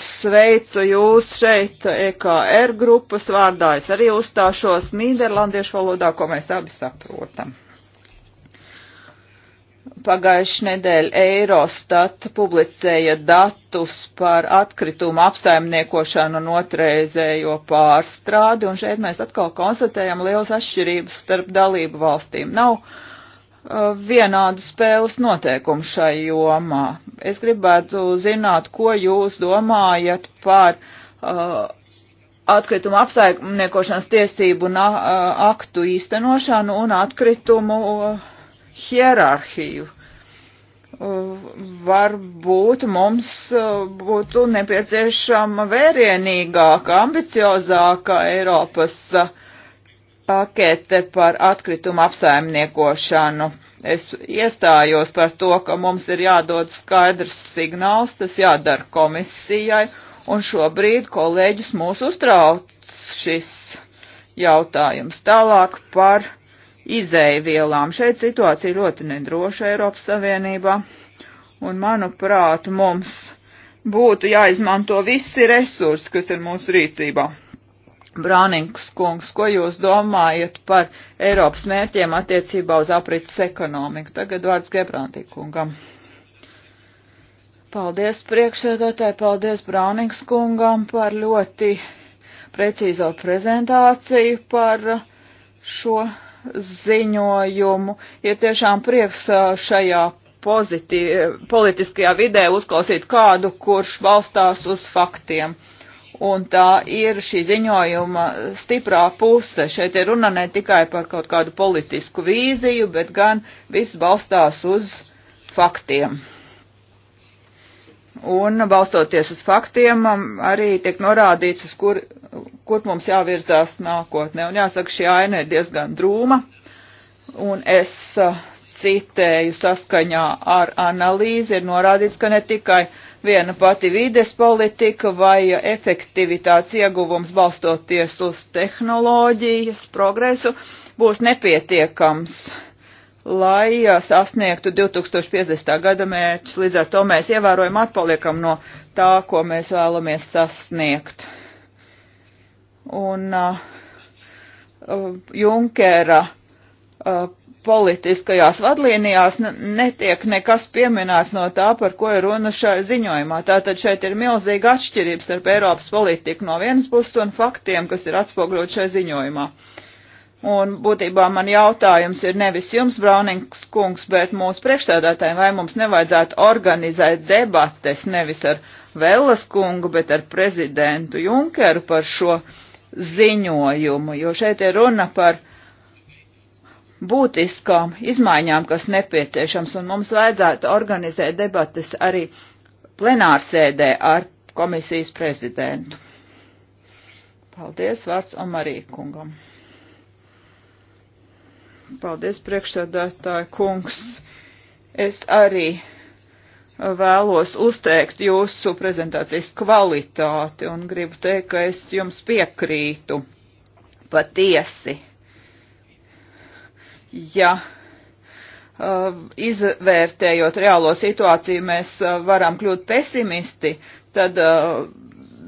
sveicu jūs šeit EKR grupas vārdā. Es arī uzstāšos nīderlandiešu valodā, ko mēs abi saprotam. Pagājuši nedēļ Eirostat publicēja datus par atkritumu apsaimniekošanu un otreizējo pārstrādi, un šeit mēs atkal konstatējam liels atšķirības starp dalību valstīm. Nav Uh, vienādu spēles noteikumu šai jomā. Es gribētu zināt, ko jūs domājat par uh, atkritumu apsaimniekošanas tiesību na, uh, aktu īstenošanu un atkritumu uh, hierarhiju. Uh, varbūt mums uh, būtu nepieciešama vērienīgāka, ambiciozāka Eiropas uh, pakete par atkritumu apsaimniekošanu. Es iestājos par to, ka mums ir jādod skaidrs signāls, tas jādara komisijai, un šobrīd kolēģis mūs uztrauc šis jautājums. Tālāk par izēvielām. Šeit situācija ļoti nedroša Eiropas Savienībā, un manuprāt, mums būtu jāizmanto visi resursi, kas ir mūsu rīcībā Brānings kungs, ko jūs domājat par Eiropas mērķiem attiecībā uz aprits ekonomiku? Tagad vārds Gebrantī kungam. Paldies priekšsēdētāji, paldies Brānings kungam par ļoti precīzo prezentāciju par šo ziņojumu. Ir ja tiešām prieks šajā pozitīv, politiskajā vidē uzklausīt kādu, kurš balstās uz faktiem. Un tā ir šī ziņojuma stiprā puse. Šeit ir runa ne tikai par kaut kādu politisku vīziju, bet gan viss balstās uz faktiem. Un balstoties uz faktiem, um, arī tiek norādīts, uz kur, kur mums jāvirzās nākotnē. Un jāsaka, šī aina ir diezgan drūma. Un es uh, citēju saskaņā ar analīzi, ir norādīts, ka ne tikai uh, viena pati vides politika vai efektivitātes ieguvums balstoties uz tehnoloģijas progresu būs nepietiekams, lai sasniegtu 2050. gada mērķus. Līdz ar to mēs ievērojam atpaliekam no tā, ko mēs vēlamies sasniegt. Un uh, Junkera uh, politiskajās vadlīnijās netiek nekas pieminēts no tā, par ko ir runa šai ziņojumā. Tātad šeit ir milzīga atšķirība starp Eiropas politiku no vienas puses un faktiem, kas ir atspogļot šai ziņojumā. Un būtībā man jautājums ir nevis jums, Braunings kungs, bet mūsu priekšsēdētājiem, vai mums nevajadzētu organizēt debates nevis ar Vellas kungu, bet ar prezidentu Junkeru par šo ziņojumu, jo šeit ir runa par uh, būtiskām izmaiņām, kas nepieciešams, un mums vajadzētu organizēt debatas arī plenārsēdē ar komisijas prezidentu. Paldies, vārds Omarī kungam. Paldies, priekšsēdētāja kungs. Es arī vēlos uzteikt jūsu prezentācijas kvalitāti un gribu teikt, ka es jums piekrītu patiesi ja uh, izvērtējot reālo situāciju mēs uh, varam kļūt pesimisti, tad uh,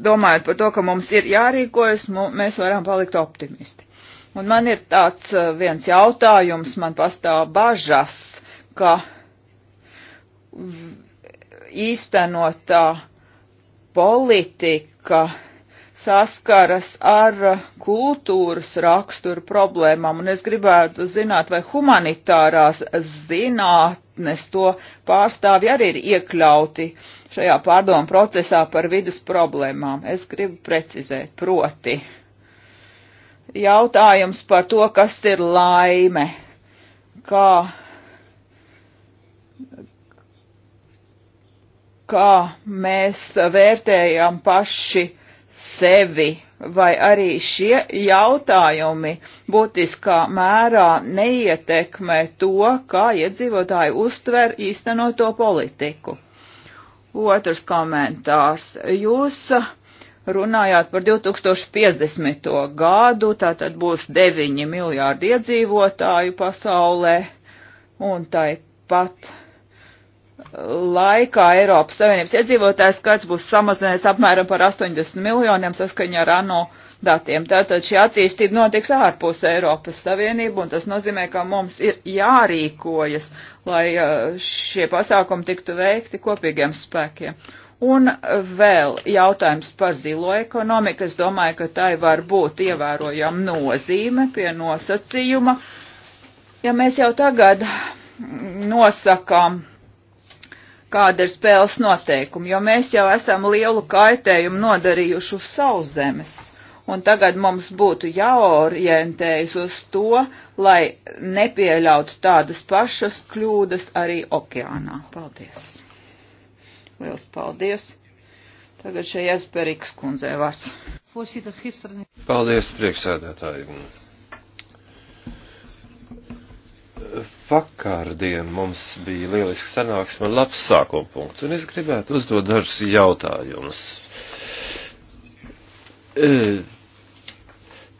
domājot par to, ka mums ir jārīkojas, mēs varam palikt optimisti. Un man ir tāds viens jautājums, man pastāv bažas, ka īstenotā politika saskaras ar uh, kultūras raksturu problēmām, un es gribētu zināt, vai humanitārās zinātnes to pārstāvji arī ir iekļauti šajā pārdomu procesā par vidus problēmām. Es gribu precizēt, proti, jautājums par to, kas ir laime, kā, kā mēs vērtējam paši sevi, vai arī šie jautājumi būtiskā mērā neietekmē to, kā iedzīvotāji uztver īstenoto politiku. Otrs komentārs. Jūs runājāt par 2050. gadu, tātad būs 9 miljārdi iedzīvotāju pasaulē, un tāpat laikā Eiropas Savienības iedzīvotājs skaits būs samazinājies apmēram par 80 miljoniem saskaņā ar ANO datiem. Tātad šī attīstība notiks ārpus Eiropas Savienību, un tas nozīmē, ka mums ir jārīkojas, lai uh, šie pasākumi tiktu veikti kopīgiem spēkiem. Un vēl jautājums par zilo ekonomiku. Es domāju, ka tai var būt ievērojama nozīme pie nosacījuma. Ja mēs jau tagad nosakām kāda ir spēles noteikumi, jo mēs jau esam lielu kaitējumu nodarījuši uz sauszemes. Un tagad mums būtu jāorientējas uz to, lai nepieļautu tādas pašas kļūdas arī okeānā. Paldies! Liels paldies! Tagad šai Jēzus Periks kundzei vārds. Paldies priekšsēdētājiem! Vakardien mums bija lieliski sanāksme, labs sākuma punkts, un es gribētu uzdot dažus jautājumus. E,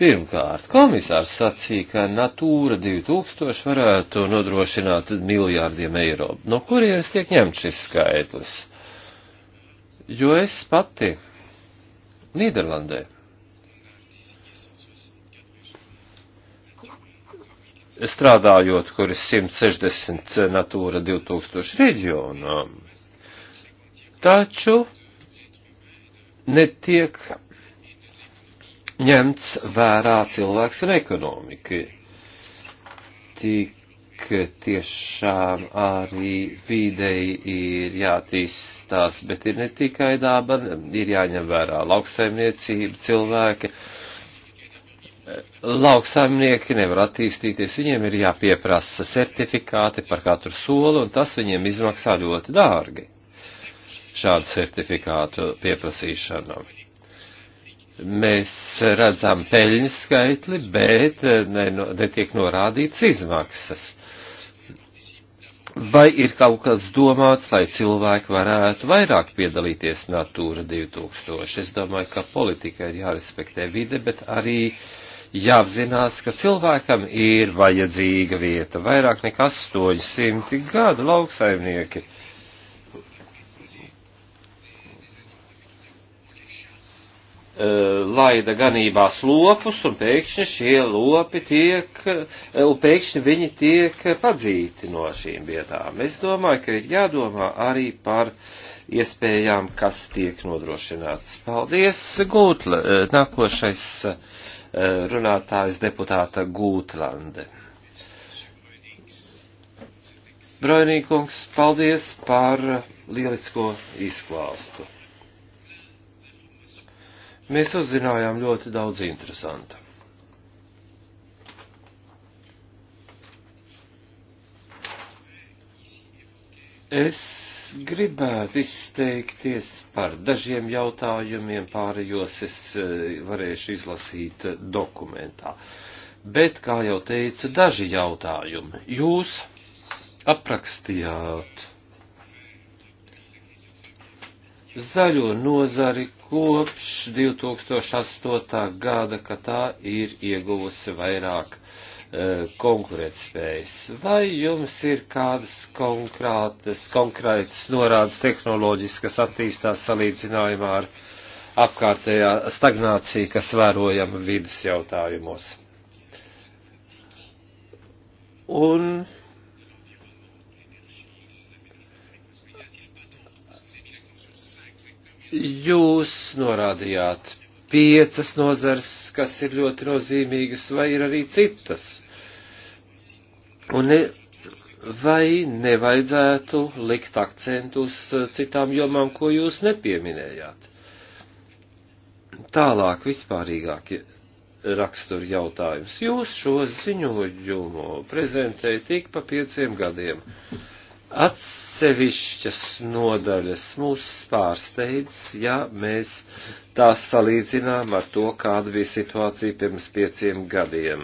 pirmkārt, komisārs sacīja, ka Natūra 2000 varētu nodrošināt miljārdiem eiro. No kurienes tiek ņemts šis skaitlis? Jo es pati Nīderlandē strādājot, kur ir 160 Natūra 2000 reģionā. Taču netiek ņemts vērā cilvēks un ekonomika. Tik tiešām arī vīdei ir jātīstās, bet ir ne tikai dāba, ir jāņem vērā lauksaimniecība, cilvēki lauksaimnieki nevar attīstīties, viņiem ir jāpieprasa certifikāti par katru soli, un tas viņiem izmaksā ļoti dārgi šādu certifikātu pieprasīšanu. Mēs redzam peļņas skaitli, bet netiek ne norādīts izmaksas. Vai ir kaut kas domāts, lai cilvēki varētu vairāk piedalīties Natūra 2000? Es domāju, ka politika ir jārespektē vide, bet arī uh, jāapzinās, ka cilvēkam ir vajadzīga vieta. Vairāk nekā 800 gadu lauksaimnieki. Eh, laida ganībās lopus, un pēkšņi šie lopi tiek, eh, un pēkšņi viņi tiek padzīti no šīm vietām. Es domāju, ka ir jādomā arī par iespējām, kas tiek nodrošināts. Paldies, Gūtla, eh, nākošais runātājs deputāta Gūtlande. Broinīkungs, paldies par lielisko izklāstu. Mēs uzzinājām ļoti daudz interesanta. Es gribētu izteikties par dažiem jautājumiem, pārējos es e, varēšu izlasīt dokumentā. Bet, kā jau teicu, daži jautājumi. Jūs aprakstījāt zaļo nozari kopš 2008. gada, ka tā ir ieguvusi vairāk uh, E, konkurētspējas. Vai jums ir kādas konkrētas, konkrētas norādes tehnoloģijas, kas attīstās salīdzinājumā ar apkārtējā stagnāciju, kas vērojama vidas jautājumos? Un jūs norādījāt piecas nozars, kas ir ļoti nozīmīgas, vai ir arī citas. Un ne, vai nevajadzētu likt akcentu uz citām jomām, ko jūs nepieminējāt? Tālāk vispārīgākie rakstura jautājums. Jūs šo ziņojumu prezentējat tik pa pieciem gadiem. Uh, Atsevišķas nodaļas mūs pārsteidz, ja mēs tās salīdzinām ar to, kāda bija situācija pirms pieciem gadiem.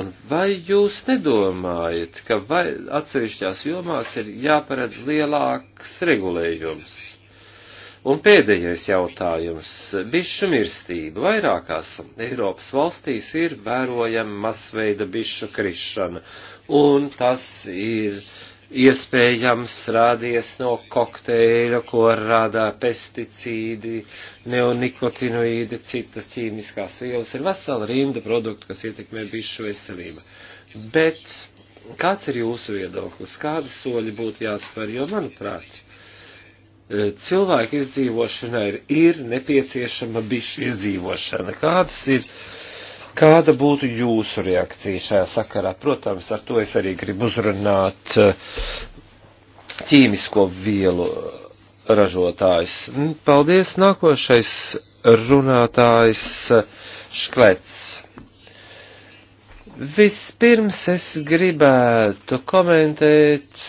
Un vai jūs nedomājat, ka vai atsevišķās jomās ir jāparedz lielāks regulējums? Un pēdējais jautājums - bišu mirstība. Vairākās Eiropas valstīs ir vērojama masveida bišu krišana, un tas ir uh, iespējams rādies no kokteļa, ko rādā pesticīdi, neonikotinoīdi, citas ķīmiskās vielas. Ir vesela rinda produktu, kas ietekmē bišu veselību. Bet kāds ir jūsu viedoklis? Kādi soļi būtu jāspēr? Jo, manuprāt, eh, cilvēku izdzīvošanai ir, ir nepieciešama bišu izdzīvošana. Kādas ir? Kāda būtu jūsu reakcija šajā sakarā? Protams, ar to es arī gribu uzrunāt eh, ķīmisko vielu ražotājs. Mm, paldies, nākošais runātājs eh, Šklets. Vispirms es gribētu komentēt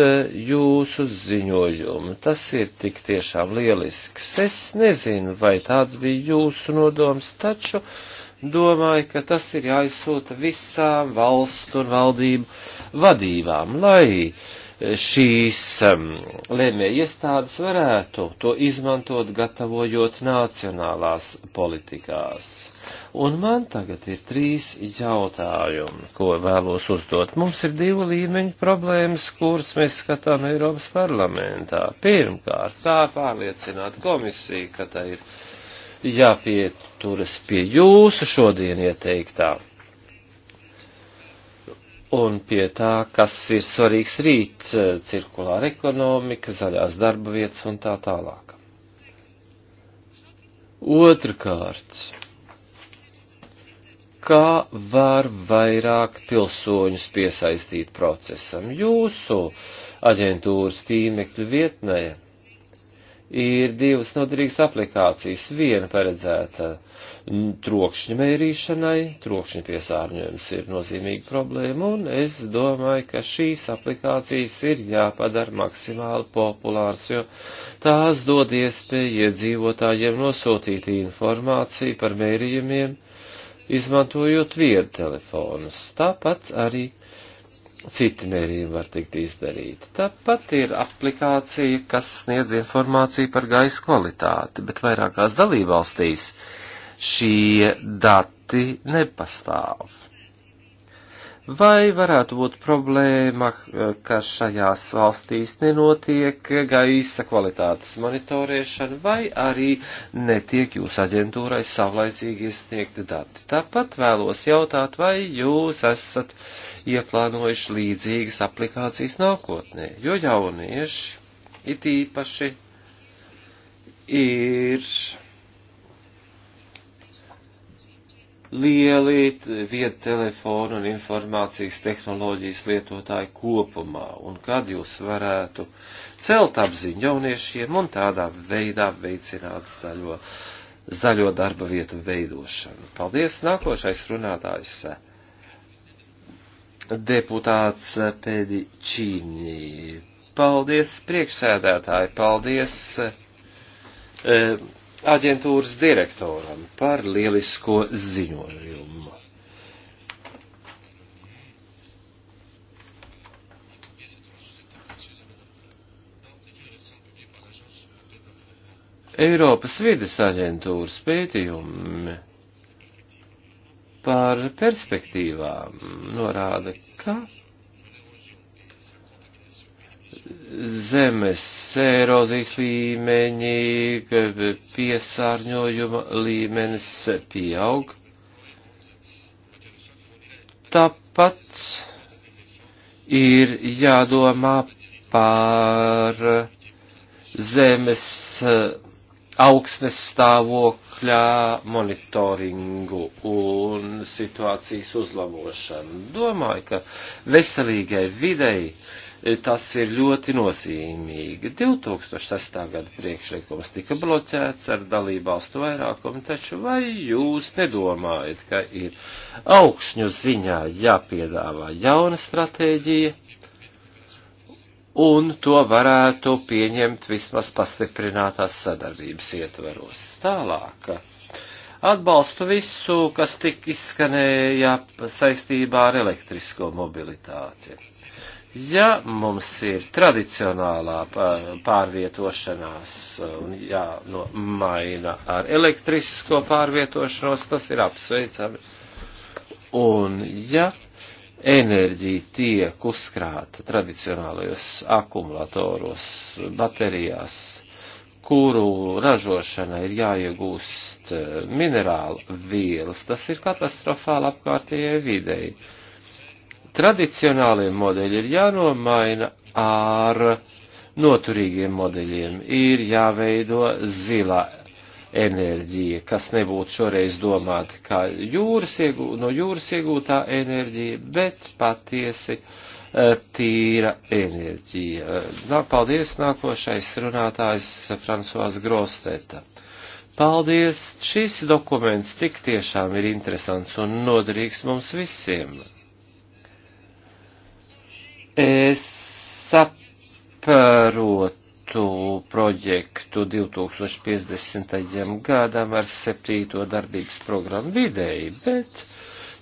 eh, jūsu ziņojumu. Tas ir tik tiešām lielisks. Es nezinu, vai tāds bija jūsu nodoms, taču uh, domāju, ka tas ir jāizsūta visām valstu un valdību vadībām, lai šīs um, lēmē iestādes varētu to izmantot, gatavojot nacionālās politikās. Un man tagad ir trīs jautājumi, ko vēlos uzdot. Mums ir divu līmeņu problēmas, kuras mēs skatām Eiropas parlamentā. Pirmkārt, tā pārliecināt komisiju, ka tā ir jāpieturas pie jūsu šodien ieteiktā un pie tā, kas ir svarīgs rīt, cirkulāra ekonomika, zaļās darba vietas un tā tālāk. Otrakārt, kā var vairāk pilsoņus piesaistīt procesam jūsu aģentūras tīmekļu vietnēm? ir divas noderīgas aplikācijas. Viena paredzēta trokšņa mērīšanai, trokšņa piesārņojums ir nozīmīga problēma, un es domāju, ka šīs aplikācijas ir jāpadara maksimāli populārs, jo tās dod iespēju iedzīvotājiem nosūtīt informāciju par mērījumiem, izmantojot viedtelefonus. Tāpat arī citi mērījumi var tikt izdarīti. Tāpat ir aplikācija, kas sniedz informāciju par gaisa kvalitāti, bet vairākās dalībvalstīs šie dati nepastāv. Vai varētu būt problēma, ka šajās valstīs nenotiek gaisa kvalitātes monitorēšana, vai arī netiek jūs aģentūrai savlaicīgi iesniegti dati? Tāpat vēlos jautāt, vai jūs esat ieplānojuši līdzīgas aplikācijas nākotnē, jo jaunieši it īpaši ir lieli viedtelefonu un informācijas tehnoloģijas lietotāji kopumā, un kad jūs varētu celt apziņu jauniešiem un tādā veidā veicināt zaļo, zaļo darba vietu veidošanu. Paldies, nākošais runātājs deputāts Pedičīņī. Paldies, priekšsēdētāji, paldies. E, aģentūras direktoram par lielisko ziņojumu. Eiropas vides aģentūras pētījumi par perspektīvām norāda, ka zemes erozijas līmeņi, piesārņojuma līmenis pieaug. Tāpat ir jādomā par zemes eh, augsnes stāvokļā monitoringu un situācijas uzlabošanu. Domāju, ka veselīgai videi uh, tas ir ļoti nozīmīgi. 2006. gada priekšlikums tika bloķēts ar dalībvalstu vairākumu, taču vai jūs nedomājat, ka ir augšņu ziņā jāpiedāvā jauna stratēģija, un to varētu pieņemt vismaz pastiprinātās sadarbības ietveros tālāk? Atbalstu visu, kas tik izskanēja saistībā ar elektrisko mobilitāti Ja mums ir tradicionālā pārvietošanās uh, un jānomaina ar elektrisko pārvietošanos, tas ir apsveicami. Un ja enerģija tiek uzkrāta tradicionālajos akumulatoros, baterijās, kuru ražošana ir jāiegūst uh, minerāla vielas, tas ir katastrofāli apkārtējai videi. Tradicionālie modeļi ir jānomaina ar noturīgiem modeļiem. Ir jāveido zilā enerģija, kas nebūtu šoreiz domāta kā jūras iegū, no jūras iegūtā enerģija, bet patiesi e, tīra enerģija. Nā, e, paldies nākošais runātājs Fransuās Grosteta. Paldies! Šis dokuments tik tiešām ir interesants un noderīgs mums visiem. Es saprotu projektu 2050. gadam ar septīto darbības programmu vidēji, bet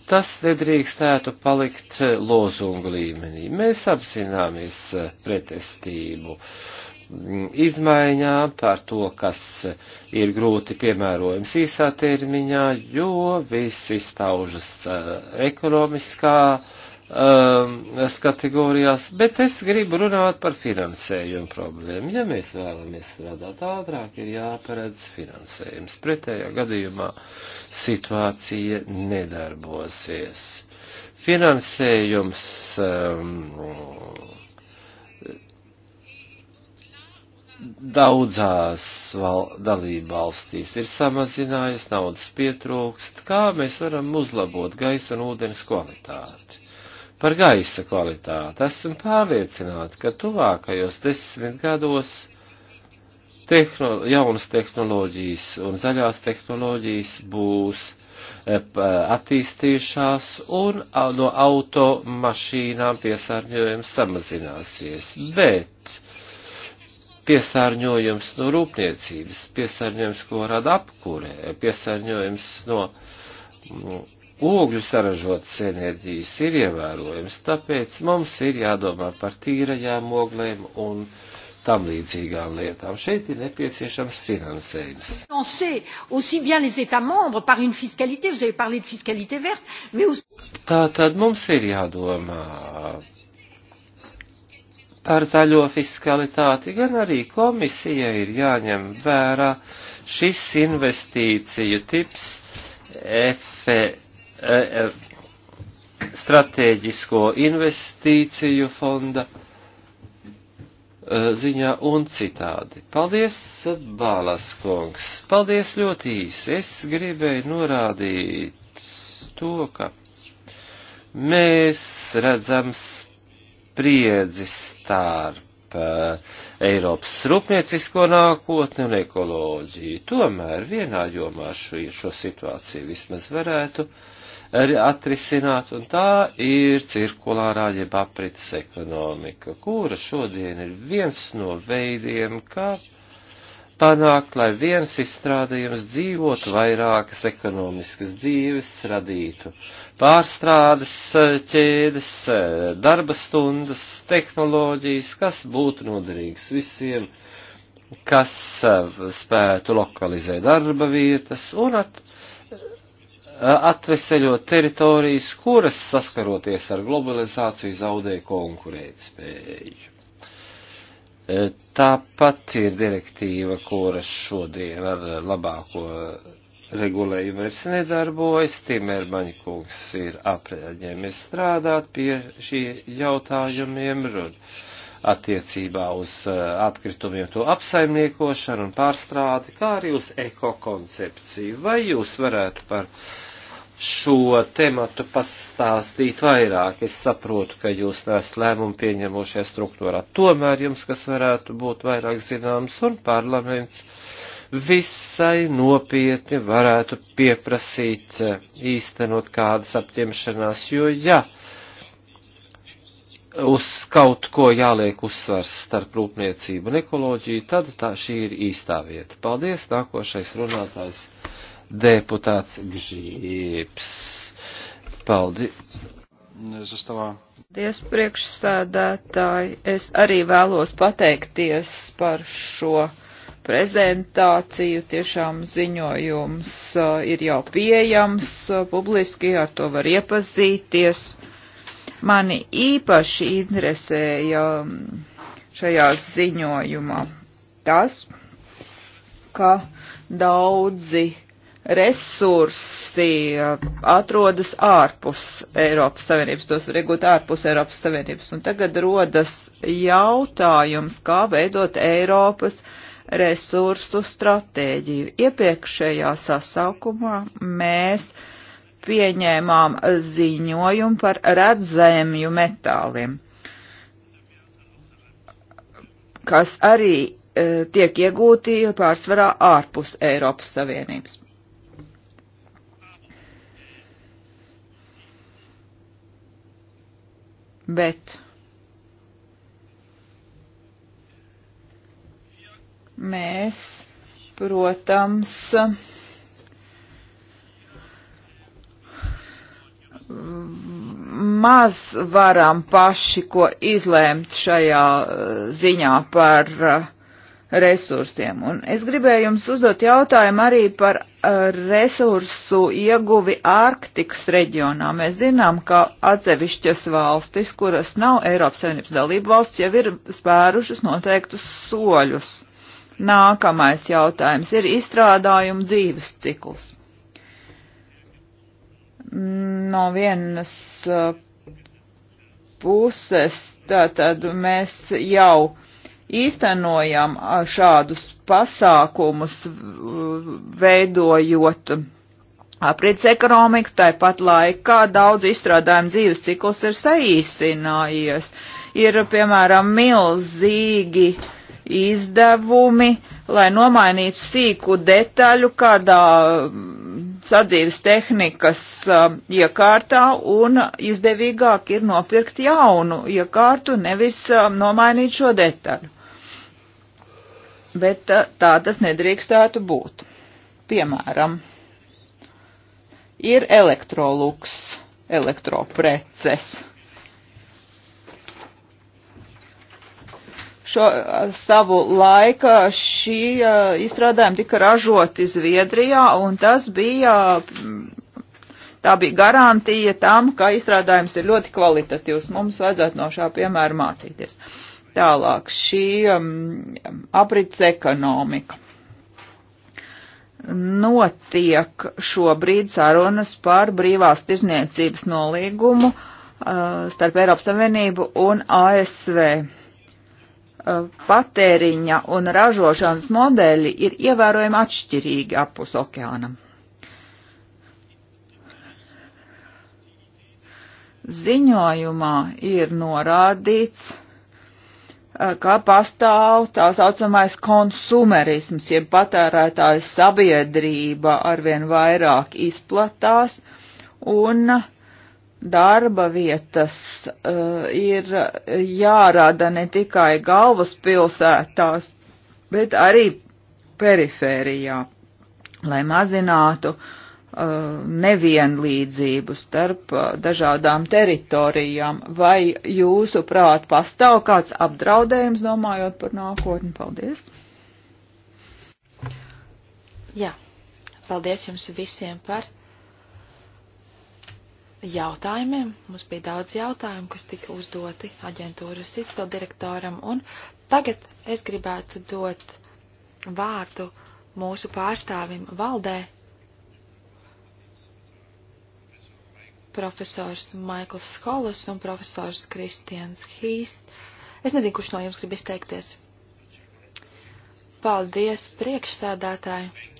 tas nedrīkstētu palikt lozungu līmenī. Mēs apzināmies pretestību izmaiņām, par to, kas ir grūti piemērojams īsā termiņā, jo viss izpaužas ekonomiskā uh, um, kategorijās, bet es gribu runāt par finansējumu problēmu. Ja mēs vēlamies strādāt ātrāk, ir jāparedz finansējums. Pretējā gadījumā situācija nedarbosies. Finansējums. Um, daudzās val, dalībvalstīs ir samazinājies, naudas pietrūkst, kā mēs varam uzlabot gaisa un ūdens kvalitāti par gaisa kvalitāti. Esmu pārliecināti, ka tuvākajos desmit gados tehno, jaunas tehnoloģijas un zaļās tehnoloģijas būs eh, attīstījušās un no automašīnām piesārņojums samazināsies. Bet piesārņojums no rūpniecības, piesārņojums, ko rada apkūrē, piesārņojums no ogļu saražotas enerģijas ir ievērojams, tāpēc mums ir jādomā par tīrajām oglēm un tam līdzīgām lietām. Šeit ir nepieciešams finansējums. Tā tad mums ir jādomā par zaļo fiskalitāti, gan arī komisija ir jāņem vērā šis investīciju tips FE E, e, stratēģisko investīciju fonda e, ziņā un citādi. Paldies, Bālas kungs! Paldies ļoti īsi! Es gribēju norādīt to, ka mēs redzam spriedzi starp Eiropas rūpniecisko nākotni un ekoloģiju. Tomēr vienā jomā šo, šo situāciju vismaz varētu uh, atrisināt, un tā ir cirkulārā jeb aprits ekonomika, kura šodien ir viens no veidiem, kā panākt, lai viens izstrādājums dzīvot vairākas ekonomiskas dzīves, radītu pārstrādes ķēdes, darba stundas, tehnoloģijas, kas būtu noderīgs visiem, kas eh, spētu lokalizēt darba vietas un at atveseļot teritorijas, kuras saskaroties ar globalizāciju zaudē konkurētspēju. E, tāpat ir direktīva, kura šodien ar labāko regulējumu vairs nedarbojas. Timermaņa kungs ir aprēķēmies strādāt pie šī jautājumiem. Runa attiecībā uz eh, atkritumiem to apsaimniekošanu un pārstrādi, kā arī uz ekokoncepciju. Vai jūs varētu par šo tematu pastāstīt vairāk? Es saprotu, ka jūs neesat lēmumu pieņemošajā struktūrā. Tomēr jums, kas varētu būt vairāk zināms, un parlaments visai nopietni varētu pieprasīt eh, īstenot kādas apņemšanās, jo ja uz kaut ko jāliek uzsvars starp rūpniecību un ekoloģiju, tad tā šī ir īstā vieta. Paldies, nākošais runātājs deputāts Gžīps. Paldies. Paldies, priekšsēdētāji. Es arī vēlos pateikties par šo prezentāciju. Tiešām ziņojums uh, ir jau pieejams uh, publiski, ar to var iepazīties. Mani īpaši interesēja šajā ziņojumā tas, ka daudzi resursi atrodas ārpus Eiropas Savienības, tos var iegūt ārpus Eiropas Savienības. Un tagad rodas jautājums, kā veidot Eiropas resursu stratēģiju. Iepriekšējā sasaukumā mēs uh, pieņēmām ziņojumu par redzēmju metāliem, kas arī e, tiek iegūti pārsvarā ārpus Eiropas Savienības. Bet mēs, protams, maz varam paši ko izlēmt šajā eh, ziņā par eh, resursiem. Un es gribēju jums uzdot jautājumu arī par eh, resursu ieguvi Ārktikas reģionā. Mēs zinām, ka atsevišķas valstis, kuras nav Eiropas Savienības dalība valsts, jau ir spērušas noteiktus soļus. Nākamais jautājums ir izstrādājuma dzīves cikls no vienas uh, puses, tātad mēs jau īstenojam uh, šādus pasākumus, uh, veidojot aprits ekonomiku, tāpat laikā daudz izstrādājumu dzīves cikls ir saīsinājies. Ir, piemēram, milzīgi uh, izdevumi, lai nomainītu sīku detaļu kādā mm, sadzīves tehnikas mm, iekārtā un izdevīgāk ir nopirkt jaunu iekārtu, nevis mm, nomainīt šo detaļu. Bet tā tas nedrīkstētu būt. Piemēram, ir elektroluks, elektropreces šo eh, savu laiku šī eh, izstrādājumi tika ražoti Zviedrijā, un tas bija, mm, tā bija garantija tam, ka izstrādājums ir ļoti kvalitatīvs. Mums vajadzētu no šā piemēra mācīties. Tālāk šī um, aprits ekonomika notiek šobrīd sarunas par brīvās tirzniecības nolīgumu uh, starp Eiropas Savienību un ASV. Uh, patēriņa un ražošanas modeļi ir ievērojami atšķirīgi apus okeānam. Ziņojumā ir norādīts, uh, kā pastāv tā saucamais konsumerisms, jeb patērētājs sabiedrība arvien vairāk izplatās, un uh, darba vietas uh, ir jārada ne tikai galvaspilsētās, bet arī perifērijā, lai mazinātu uh, nevienlīdzību starp uh, dažādām teritorijām. Vai jūsuprāt pastāv kāds apdraudējums domājot par nākotni? Paldies! Jā, paldies jums visiem par jautājumiem. Mums bija daudz jautājumu, kas tika uzdoti aģentūras izpildirektoram, un tagad es gribētu dot vārdu mūsu pārstāvim valdē, profesors Maikls Skolas un profesors Kristians Hīs. Es nezinu, kurš no jums grib izteikties. Paldies, priekšsēdētāji!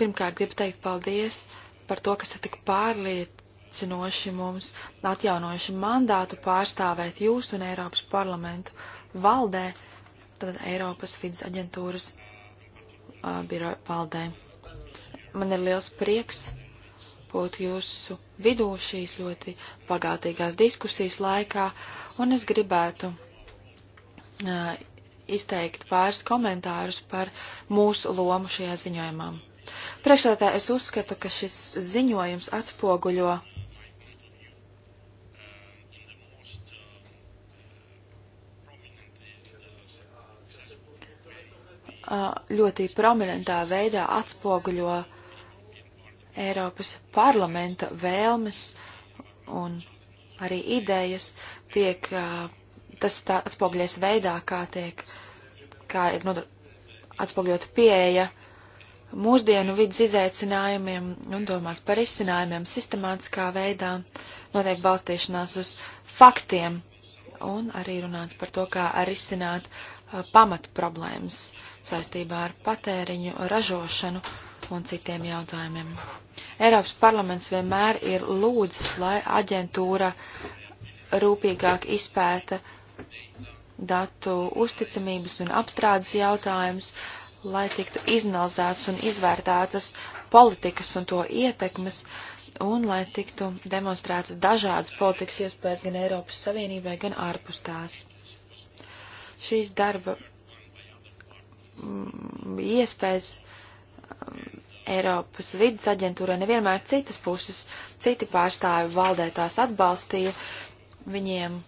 Pirmkārt, gribu teikt paldies uh, par to, kas ir tik pārliecinoši mums atjaunojuši mandātu pārstāvēt jūs un Eiropas parlamentu valdē, tad Eiropas vidas aģentūras uh, biroja valdē. Man ir liels prieks būt jūsu vidū šīs ļoti pagātīgās diskusijas laikā, un es gribētu uh, izteikt pāris komentārus par mūsu lomu šajā ziņojumā. Priekšsēdētā es uzskatu, ka šis ziņojums atspoguļo ļoti prominentā veidā atspoguļo Eiropas parlamenta vēlmes un arī idejas tiek, tas atspoguļies veidā, kā tiek, kā ir nu, atspoguļota pieeja mūsdienu vidas izaicinājumiem un domāt par izcinājumiem sistemātiskā veidā, notiek balstīšanās uz faktiem un arī runāts par to, kā arī izcināt uh, pamat problēmas saistībā ar patēriņu, ražošanu un citiem jautājumiem. Eiropas parlaments vienmēr ir lūdzis, lai aģentūra rūpīgāk izpēta datu uzticamības un apstrādes jautājumus, uh, lai tiktu izanalizētas un izvērtētas politikas un to ietekmes, un lai tiktu demonstrētas dažādas politikas iespējas gan Eiropas Savienībai, gan ārpus tās. Šīs darba mm, iespējas mm, Eiropas vidas aģentūrai nevienmēr citas puses, citi pārstāvi valdē tās atbalstīja, viņiem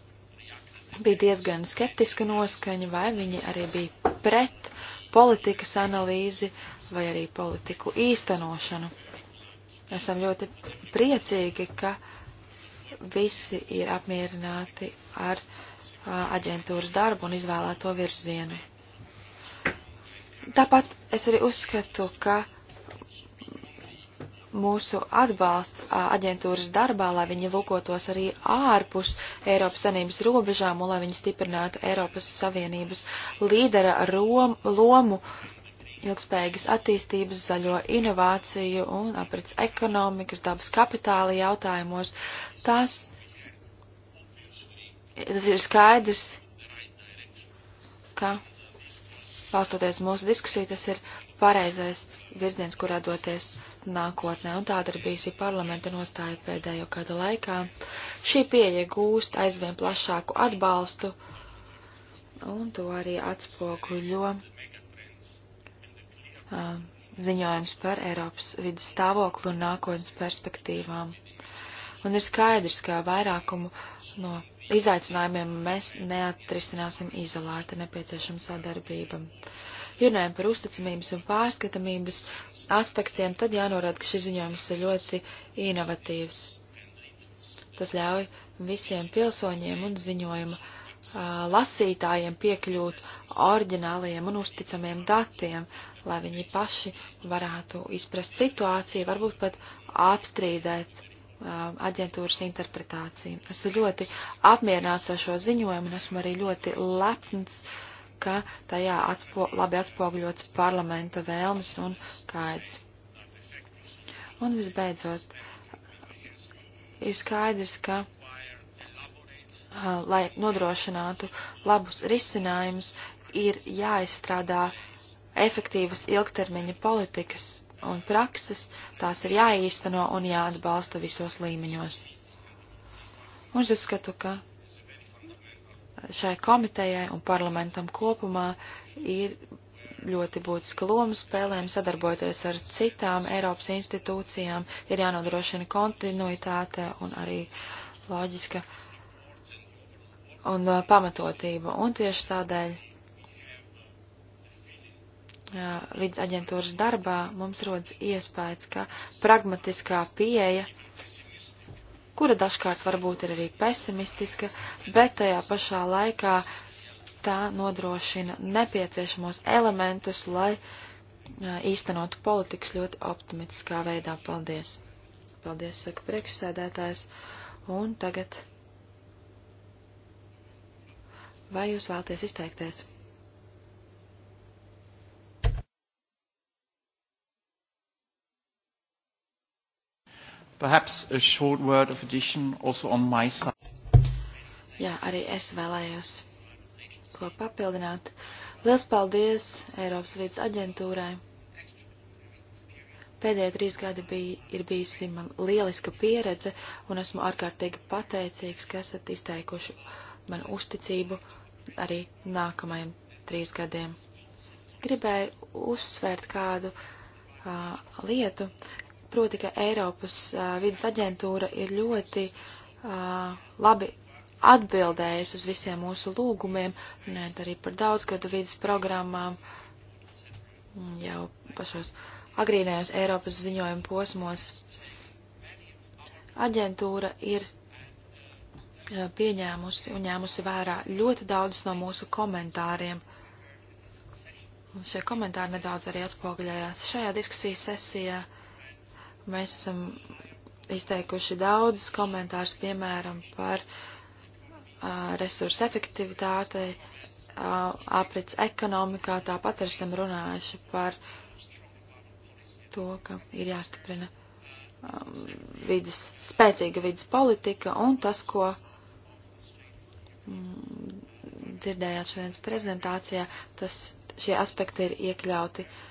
bija diezgan skeptiska noskaņa, vai viņi arī bija pret politikas analīzi vai arī politiku īstenošanu. Esam ļoti priecīgi, ka visi ir apmierināti ar a, aģentūras darbu un izvēlēto virzienu. Tāpat es arī uzskatu, ka mūsu atbalsts aģentūras darbā, lai viņi lūkotos arī ārpus Eiropas Savienības robežām un lai viņi stiprinātu Eiropas Savienības līdera rom, lomu ilgspējīgas attīstības, zaļo inovāciju un aprits ekonomikas, dabas kapitāla jautājumos. Tas, tas ir skaidrs, ka, balstoties mūsu diskusiju, tas ir pareizais virziens, kurā doties nākotnē, un tāda ir bijusi parlamenta nostāja pēdējo kādu laikā. Šī pieeja gūst aizvien plašāku atbalstu, un to arī atspoguļo uh, ziņojums par Eiropas vidas stāvokli un nākotnes perspektīvām. Un ir skaidrs, ka vairākumu no izaicinājumiem mēs neatrisināsim izolēti nepieciešama sadarbība. Uh, Ja runājam par uzticamības un pārskatamības aspektiem, tad jānorāda, ka šis ziņojums ir ļoti inovatīvs. Tas ļauj visiem pilsoņiem un ziņojuma uh, lasītājiem piekļūt oriģināliem un uzticamiem datiem, lai viņi paši varētu izprast situāciju, varbūt pat apstrīdēt aģentūras interpretāciju. Esmu ļoti apmierināts ar šo ziņojumu un esmu arī ļoti lepns ka tajā atspo, labi atspoguļots parlamenta vēlmes un kāds. Un visbeidzot, ir skaidrs, ka, uh, lai nodrošinātu labus risinājumus, ir jāizstrādā efektīvas ilgtermiņa politikas un prakses, tās ir jāīsteno un jāatbalsta visos līmeņos. Un es uzskatu, ka šai komitejai un parlamentam kopumā ir ļoti būtiska loma spēlēm, sadarbojoties ar citām Eiropas institūcijām, ir jānodrošina kontinuitāte un arī loģiska un uh, pamatotība. Un tieši tādēļ uh, līdz aģentūras darbā mums rodas iespējas, ka pragmatiskā pieeja uh, kura dažkārt varbūt ir arī pesimistiska, bet tajā pašā laikā tā nodrošina nepieciešamos elementus, lai īstenotu politikas ļoti optimistiskā veidā. Paldies! Paldies, saka priekšsēdētājs. Un tagad. Vai jūs vēlaties izteikties? Perhaps a short word of addition also on my side. Jā, arī es vēlējos ko papildināt. Liels paldies Eiropas vīdes aģentūrai. Pēdējie trīs gadi bija, ir bijusi man lieliska pieredze, un esmu ārkārtīgi pateicīgs, ka esat izteikuši man uzticību arī nākamajiem trīs gadiem. Gribēju uzsvērt kādu uh, lietu, proti, ka Eiropas uh, vidas aģentūra ir ļoti uh, labi atbildējusi uz visiem mūsu lūgumiem, runājot arī par daudzgadu vidas programmām, jau pašos agrīnējos Eiropas ziņojuma posmos. Aģentūra ir uh, pieņēmusi un ņēmusi vērā ļoti daudz no mūsu komentāriem. Un šie komentāri nedaudz arī atspoguļojās šajā diskusijas sesijā. Uh, Mēs esam izteikuši daudzus komentārus, piemēram, par uh, resursu efektivitātei, uh, aprits ekonomikā, tāpat arī esam runājuši par to, ka ir jāstiprina um, vidas, spēcīga vidas politika un tas, ko mm, dzirdējāt šodienas prezentācijā, tas, šie aspekti ir iekļauti uh,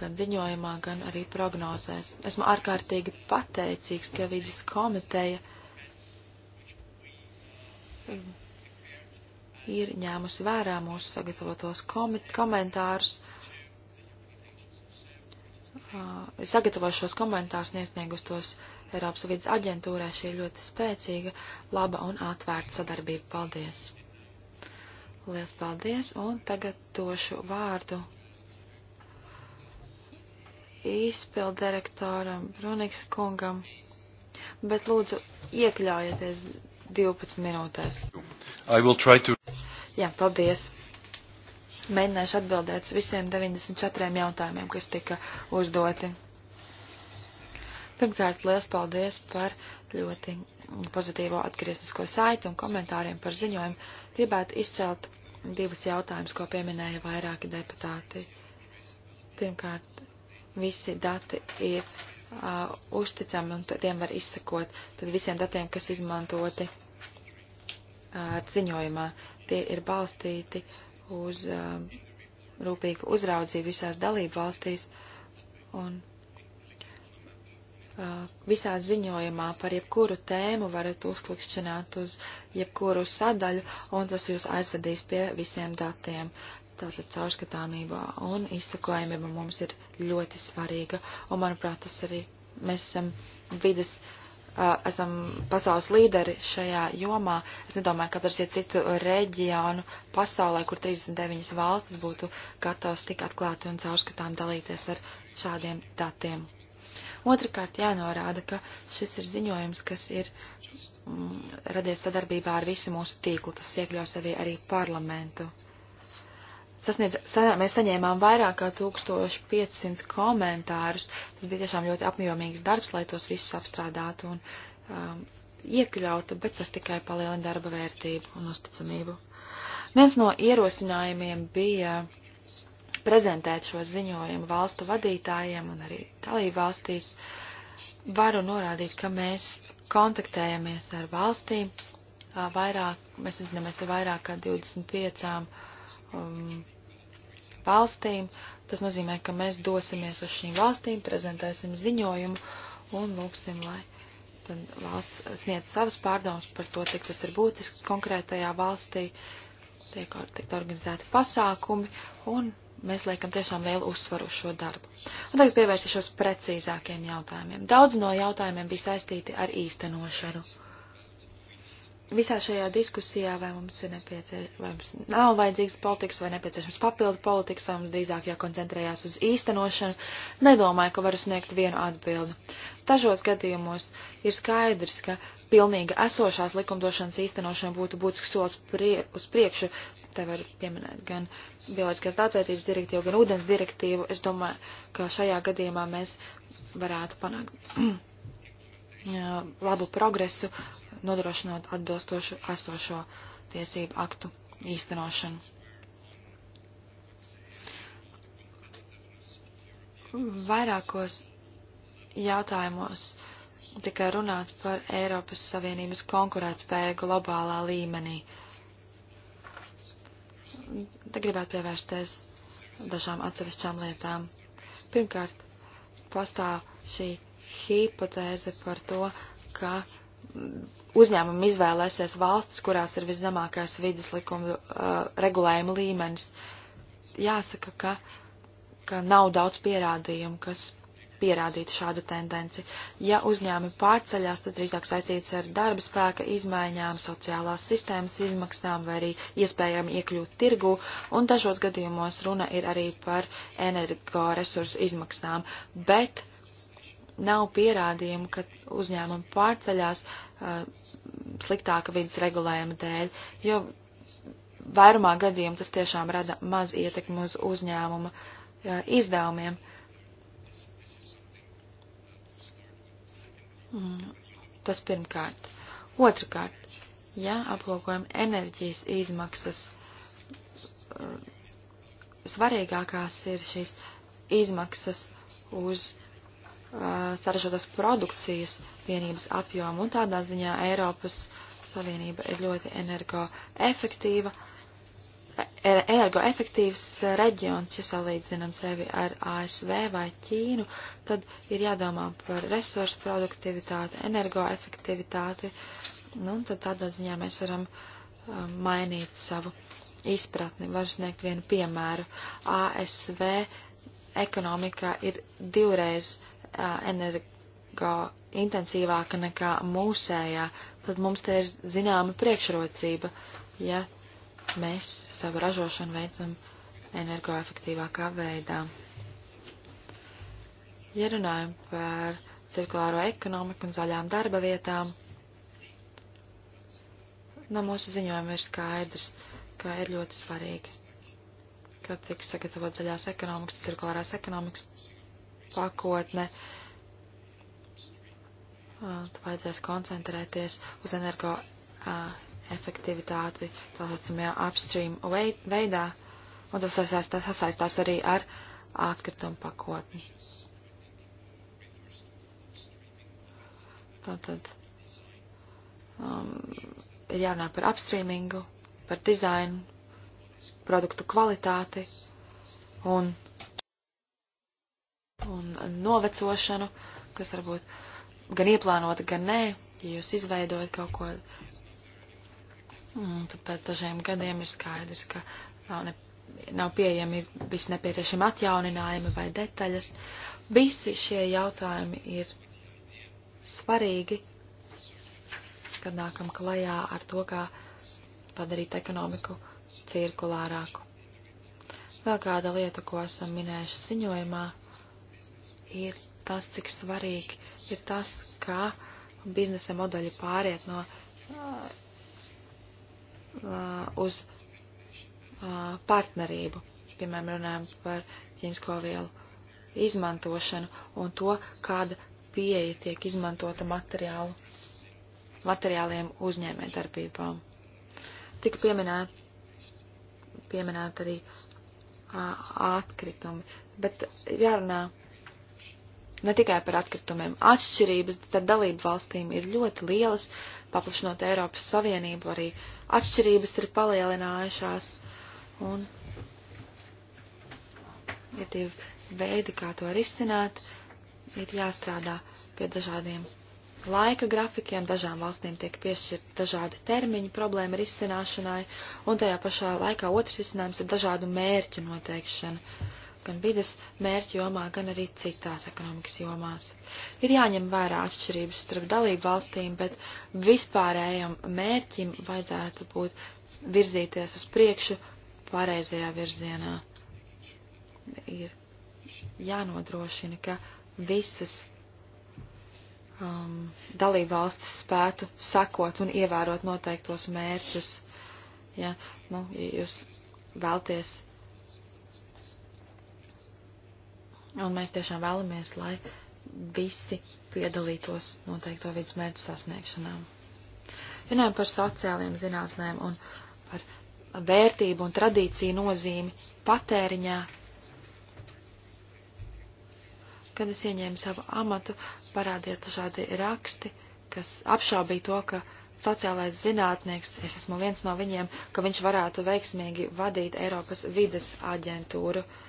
gan ziņojumā, gan arī prognozēs. Esmu ārkārtīgi pateicīgs, ka vidas komiteja ir ņēmusi vērā mūsu sagatavotos komentārus. Es sagatavošu šos komentārus un iesniegus tos Eiropas vidas aģentūrē. Šī ir ļoti spēcīga, laba un atvērta sadarbība. Paldies! Lielas paldies! Un tagad došu vārdu izpildirektoram Bruniks kungam, bet lūdzu iekļaujieties 12 minūtēs. To... Jā, paldies. Mēģināšu atbildēt visiem 94 jautājumiem, kas tika uzdoti. Pirmkārt, liels paldies par ļoti pozitīvo atgrieznisko saiti un komentāriem par ziņojumu. Gribētu izcelt divus jautājumus, ko pieminēja vairāki deputāti. Pirmkārt, visi dati ir uh, uzticami un tiem var izsekot tad visiem datiem, kas izmantoti uh, ziņojumā. Tie ir balstīti uz uh, rūpīgu uzraudzību visās dalību valstīs un uh, visā ziņojumā par jebkuru tēmu varat uzklikšķināt uz jebkuru sadaļu un tas jūs aizvedīs pie visiem datiem. Tātad caurskatāmībā un izsakojumība mums ir ļoti svarīga, un manuprāt, tas arī mēs esam vidas, uh, esam pasaules līderi šajā jomā. Es nedomāju, ka katrs ir citu reģionu pasaulē, kur 39 valstis būtu gatavs tik atklāti un caurskatām dalīties ar šādiem datiem. Otrakārt jānorāda, ka šis ir ziņojums, kas ir mm, radies sadarbībā ar visu mūsu tīklu, tas iekļaus arī, arī parlamentu. Uh, sasniedz, sa, mēs saņēmām vairāk kā 1500 komentārus. Tas bija tiešām ļoti apjomīgs darbs, lai tos visus apstrādātu un um, iekļautu, bet tas tikai palielina darba vērtību un uzticamību. Viens no ierosinājumiem bija prezentēt šo ziņojumu valstu vadītājiem un arī dalību valstīs. Varu norādīt, ka mēs kontaktējamies ar valstīm, vairāk, mēs zināmies ar vairāk kā 25 um, valstīm. Tas nozīmē, ka mēs dosimies uz šīm valstīm, prezentēsim ziņojumu un lūksim, lai tad valsts sniedz savas pārdomas par to, cik tas ir būtisks konkrētajā valstī, tiek, tiek organizēti pasākumi un mēs liekam tiešām lielu uzsvaru uz šo darbu. Un tagad pievērsīšos precīzākiem jautājumiem. Daudz no jautājumiem bija saistīti ar īstenošanu visā šajā diskusijā, vai mums ir nepieciešams, vai mums nav vajadzīgs politikas, vai nepieciešams papildu politikas, vai mums drīzāk jākoncentrējās uz īstenošanu, nedomāju, ka varu sniegt vienu atbildi. Dažos gadījumos ir skaidrs, ka pilnīga esošās likumdošanas īstenošana būtu būtisks solis prie, uz priekšu. Te var pieminēt gan bioloģiskās daudzveidības direktīvu, gan ūdens direktīvu. Es domāju, ka šajā gadījumā mēs varētu panākt. labu progresu nodrošinot atbilstošu esošo tiesību aktu īstenošanu. Vairākos jautājumos tika runāts par Eiropas Savienības konkurētspēju globālā līmenī. Te gribētu pievērsties dažām atsevišķām lietām. Pirmkārt, pastāv šī hipotēze par to, ka uzņēmumi izvēlēsies valstis, kurās ir viszemākais vidas likuma uh, regulējuma līmenis. Jāsaka, ka, ka nav daudz pierādījumu, kas pierādītu šādu tendenci. Ja uzņēmumi pārceļās, tad drīzāk saistīts ar darba spēka izmaiņām, sociālās sistēmas izmaksām vai arī iespējami iekļūt tirgu, un dažos gadījumos runa ir arī par energoresursu izmaksām. Bet nav pierādījumu, ka uzņēmumi pārceļās uh, sliktāka vidas regulējuma dēļ, jo vairumā gadījumu tas tiešām rada maz ietekmi uz uzņēmuma uh, izdevumiem. Mm, tas pirmkārt. Otrakārt, ja aplūkojam enerģijas izmaksas, uh, svarīgākās ir šīs izmaksas uz sarežģītas produkcijas vienības apjomu, un tādā ziņā Eiropas Savienība ir ļoti energoefektīva, e, energoefektīvs reģions, ja salīdzinam sevi ar ASV vai Ķīnu, tad ir jādomā par resursu produktivitāti, energoefektivitāti, nu, un tad tādā ziņā mēs varam um, mainīt savu izpratni. Varu sniegt vienu piemēru. ASV ekonomikā ir divreiz uh, energo intensīvāka nekā mūsējā, tad mums te ir zināma priekšrocība, ja mēs savu ražošanu veicam energoefektīvākā veidā. Ja runājam par cirkulāro ekonomiku un zaļām darba vietām, no mūsu ziņojuma ir skaidrs, ka ir ļoti svarīgi, ka tiks sagatavot zaļās ekonomikas, cirkulārās ekonomikas pakotne. Tad vajadzēs koncentrēties uz energo efektivitāti, tā saucamajā upstream veidā, un tas sasaistās, sasaistās arī ar atkritumu pakotni. Tātad um, ir jārunā par upstreamingu, par dizainu, produktu kvalitāti un un novecošanu, kas varbūt gan ieplānota, gan nē, ja jūs izveidojat kaut ko, un mm, tad pēc dažiem gadiem ir skaidrs, ka nav, ne, nav pieejami visi nepieciešami atjauninājumi vai detaļas. Visi šie jautājumi ir svarīgi, kad nākam klajā ar to, kā padarīt ekonomiku cirkulārāku. Vēl kāda lieta, ko esam minējuši ziņojumā, ir tas, cik svarīgi ir tas, kā biznesa modeļi pāriet no uh, uh, uz uh, partnerību. Piemēram, runājam par ķīmisko vielu izmantošanu un to, kāda pieeja tiek izmantota materiālu, materiāliem uzņēmē darbībām. Tika pieminēt, pieminēt arī uh, atkritumi, bet jārunā ne tikai par atkritumiem. Atšķirības starp dalību valstīm ir ļoti lielas, paplašinot Eiropas Savienību, arī atšķirības ir palielinājušās, un ir divi veidi, kā to risināt, ir jāstrādā pie dažādiem laika grafikiem, dažām valstīm tiek piešķirt dažādi termiņi problēma risināšanai, un tajā pašā laikā otrs risinājums ir dažādu mērķu noteikšana gan vides mērķu jomā, gan arī citās ekonomikas jomās. Ir jāņem vērā atšķirības starp dalību valstīm, bet vispārējam mērķim vajadzētu būt virzīties uz priekšu pareizajā virzienā. Ir jānodrošina, ka visas um, dalību valstis spētu sakot un ievērot noteiktos mērķus. Ja, nu, ja jūs vēlties un mēs tiešām vēlamies, lai visi piedalītos noteikto vidusmērķu sasniegšanām. Runājam par sociāliem zinātnēm un par vērtību un tradīciju nozīmi patēriņā. Kad es ieņēmu savu amatu, parādījās dažādi raksti, kas apšaubīja to, ka sociālais zinātnieks, es esmu viens no viņiem, ka viņš varētu veiksmīgi vadīt Eiropas vides aģentūru. Uh,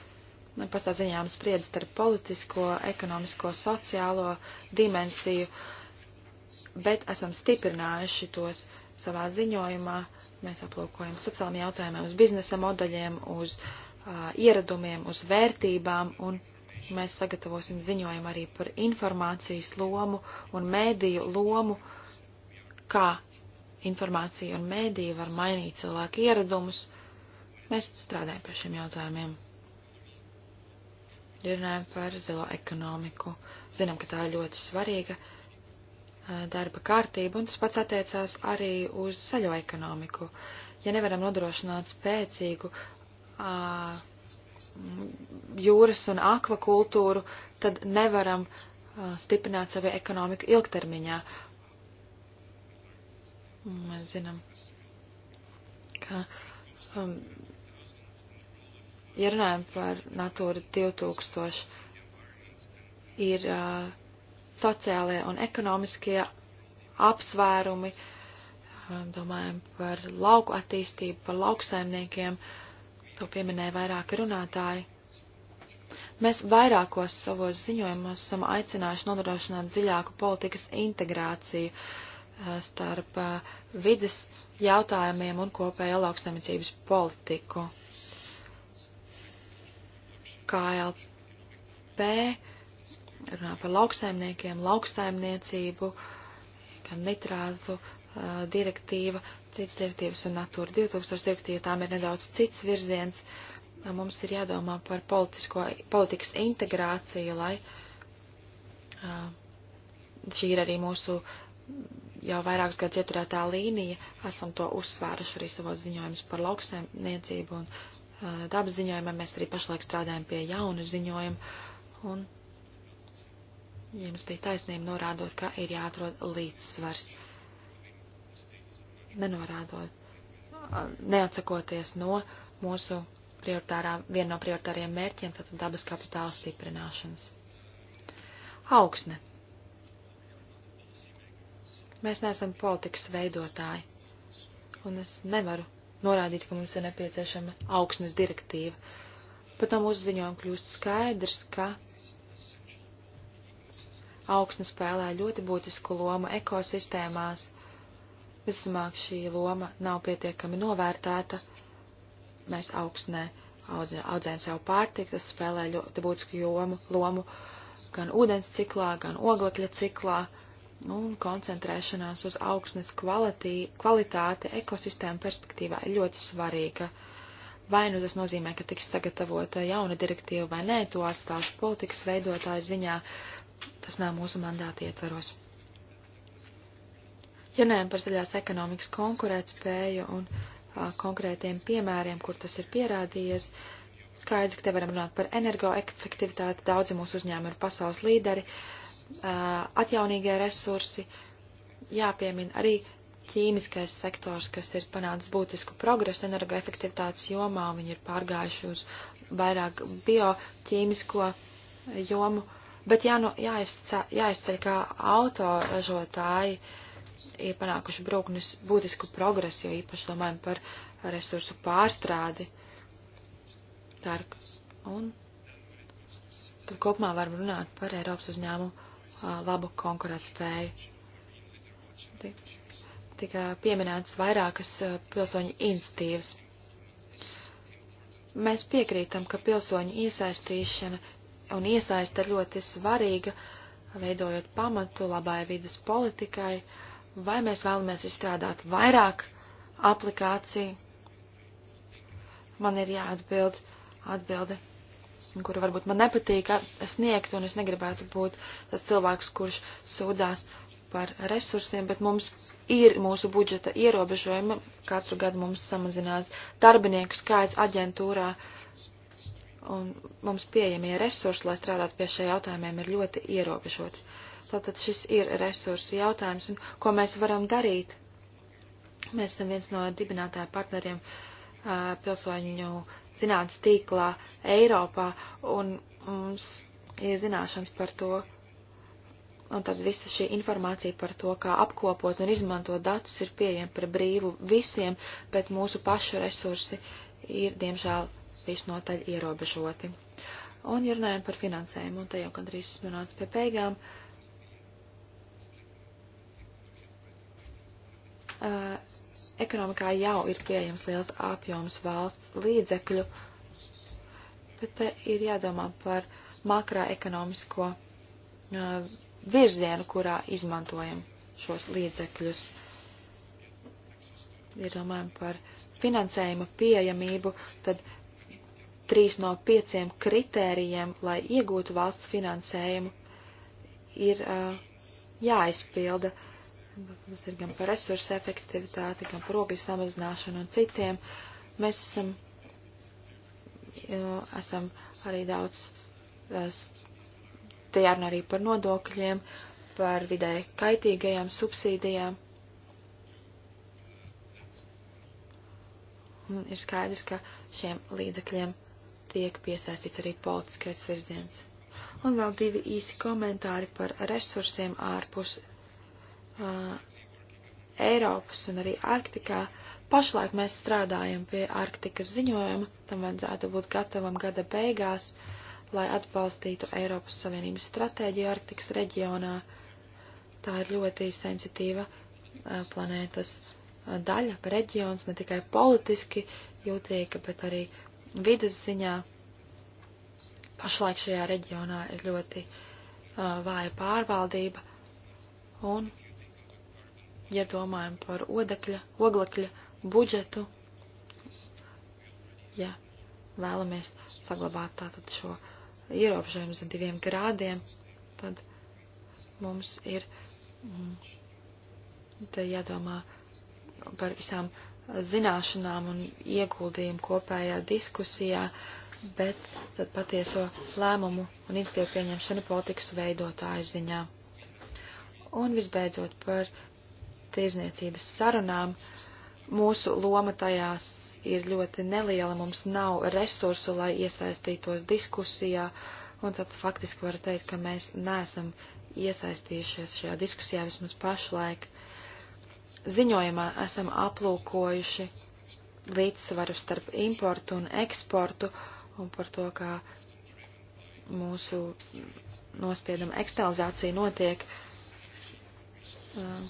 pastāv ziņām spriedzi starp politisko, ekonomisko, sociālo dimensiju, bet esam stiprinājuši tos savā ziņojumā. Mēs aplūkojam sociālajiem jautājumiem, uz biznesa modeļiem, uz uh, ieradumiem, uz vērtībām, un mēs sagatavosim ziņojumu arī par informācijas lomu un mēdīju lomu, kā informācija un mēdīja var mainīt cilvēku ieradumus. Mēs strādājam pie šiem jautājumiem runājam par zilo ekonomiku. Zinām, ka tā ir ļoti svarīga darba kārtība, un tas pats attiecās arī uz zaļo ekonomiku. Ja nevaram nodrošināt spēcīgu ā, jūras un akvakultūru, tad nevaram ā, stiprināt savu ekonomiku ilgtermiņā. Mēs zinām, ka um, ja runājam par Natūra 2000, ir uh, sociālie un ekonomiskie apsvērumi, um, domājam par lauku attīstību, par lauksaimniekiem, to pieminēja vairāki runātāji. Mēs vairākos savos ziņojumos esam aicinājuši nodrošināt dziļāku politikas integrāciju uh, starp uh, vides jautājumiem un kopējo lauksaimniecības politiku. KLP runā par lauksaimniekiem, lauksaimniecību, kā nitrātu uh, direktīva, cits direktīvas un Natūra 2000 direktīva, tām ir nedaudz cits virziens. Mums ir jādomā par politisko, politikas integrāciju, lai uh, šī ir arī mūsu jau vairākus gadus ieturētā līnija, esam to uzsvēruši arī savos ziņojumus par lauksaimniecību un dabas ziņojumam, mēs arī pašlaik strādājam pie jaunu ziņojumu, un jums bija taisnība norādot, ka ir jāatrod līdzsvars, nenorādot, neatsakoties no mūsu prioritārā, viena no prioritāriem mērķiem, tātad dabas kapitāla stiprināšanas. Augsne. Mēs neesam politikas veidotāji, un es nevaru norādīt, ka mums ir nepieciešama augsnes direktīva. Pat no mūsu ziņojuma kļūst skaidrs, ka augsne spēlē ļoti būtisku lomu ekosistēmās. Visamāk šī loma nav pietiekami novērtēta. Mēs augsnē audzējam savu pārtiku, tas spēlē ļoti būtisku jomu, lomu gan ūdens ciklā, gan oglekļa ciklā. Uh, un nu, koncentrēšanās uz augsnes kvalitī, kvalitāti ekosistēma perspektīvā ir ļoti svarīga. Vai nu tas nozīmē, ka tiks sagatavota jauna direktīva vai nē, to atstāšu politikas veidotāju ziņā, tas nav mūsu mandāti ietveros. Ja nē, par zaļās ekonomikas konkurētspēju un a, konkrētiem piemēriem, kur tas ir pierādījies, skaidrs, ka te varam runāt par energoefektivitāti, daudzi mūsu uzņēmumi ir pasaules līderi. A, atjaunīgie resursi, jāpiemina arī ķīmiskais sektors, kas ir panācis būtisku progresu energoefektivitātes jomā, viņi ir pārgājuši uz vairāk bioķīmisko jomu, bet jāno, nu, jāizceļ, jāizceļ kā autoražotāji ir panākuši brūknis būtisku progresu, jo īpaši domājam par resursu pārstrādi. Tā ir, un tad kopumā varam runāt par Eiropas uzņēmumu labu konkurētspēju. Tika pieminētas vairākas pilsoņu iniciatīvas. Mēs piekrītam, ka pilsoņu iesaistīšana un iesaista ir ļoti svarīga, veidojot pamatu labai vidas politikai, vai mēs vēlamies izstrādāt vairāk aplikāciju. Man ir jāatbild atbilde kuru varbūt man nepatīk sniegt, un es negribētu būt tas cilvēks, kurš sūdzās par resursiem, bet mums ir mūsu budžeta ierobežojumi. Katru gadu mums samazinās darbinieku skaits aģentūrā, un mums pieejamie resursi, lai strādātu pie šiem jautājumiem, ir ļoti ierobežoti. Tātad šis ir resursu jautājums, un ko mēs varam darīt? Mēs esam viens no dibinātāju partneriem pilsoņu zinātnes tīklā Eiropā, un mums ir zināšanas par to, un tad visa šī informācija par to, kā apkopot un izmantot datus, ir pieejama par brīvu visiem, bet mūsu pašu resursi ir, diemžēl, visnotaļ ierobežoti. Un, ja runājam par finansējumu, un te jau gandrīz esmu nācis pie beigām, uh, ekonomikā jau ir pieejams liels apjoms valsts līdzekļu, bet te ir jādomā par makroekonomisko uh, virzienu, kurā izmantojam šos līdzekļus. Ja domājam par finansējuma pieejamību, tad trīs no pieciem kritērijiem, lai iegūtu valsts finansējumu, ir uh, jāizpilda. Uh, Tas ir gan par resursu efektivitāti, gan par ogļu samazināšanu un citiem. Mēs esam, esam arī daudz, te jārunā arī par nodokļiem, par vidē kaitīgajām subsīdijām. Un ir skaidrs, ka šiem līdzekļiem tiek piesaistīts arī politiskais virziens. Un vēl divi īsi komentāri par resursiem ārpus uh, Eiropas un arī Arktikā. Pašlaik mēs strādājam pie Arktikas ziņojuma, tam vajadzētu būt gatavam gada beigās, lai atbalstītu Eiropas Savienības stratēģiju Arktikas reģionā. Tā ir ļoti sensitīva uh, planētas uh, daļa, reģions, ne tikai politiski jūtīga, bet arī vidas ziņā. Pašlaik šajā reģionā ir ļoti uh, vāja pārvaldība un ja domājam par odekļa, oglekļa budžetu, ja vēlamies saglabāt tātad šo ierobežojumu zem diviem grādiem, tad mums ir mm, te jādomā par visām zināšanām un ieguldījumu kopējā diskusijā, bet tad patieso lēmumu un institīvu pieņemšanu politikas veidotāju ziņā. Un visbeidzot par tirzniecības sarunām. Mūsu loma tajās ir ļoti neliela, mums nav resursu, lai iesaistītos diskusijā, un tad faktiski var teikt, ka mēs neesam iesaistījušies šajā diskusijā vismaz pašlaik. Ziņojumā esam aplūkojuši līdzsvaru starp importu un eksportu un par to, kā mūsu nospiedama eksternalizācija notiek. Uh,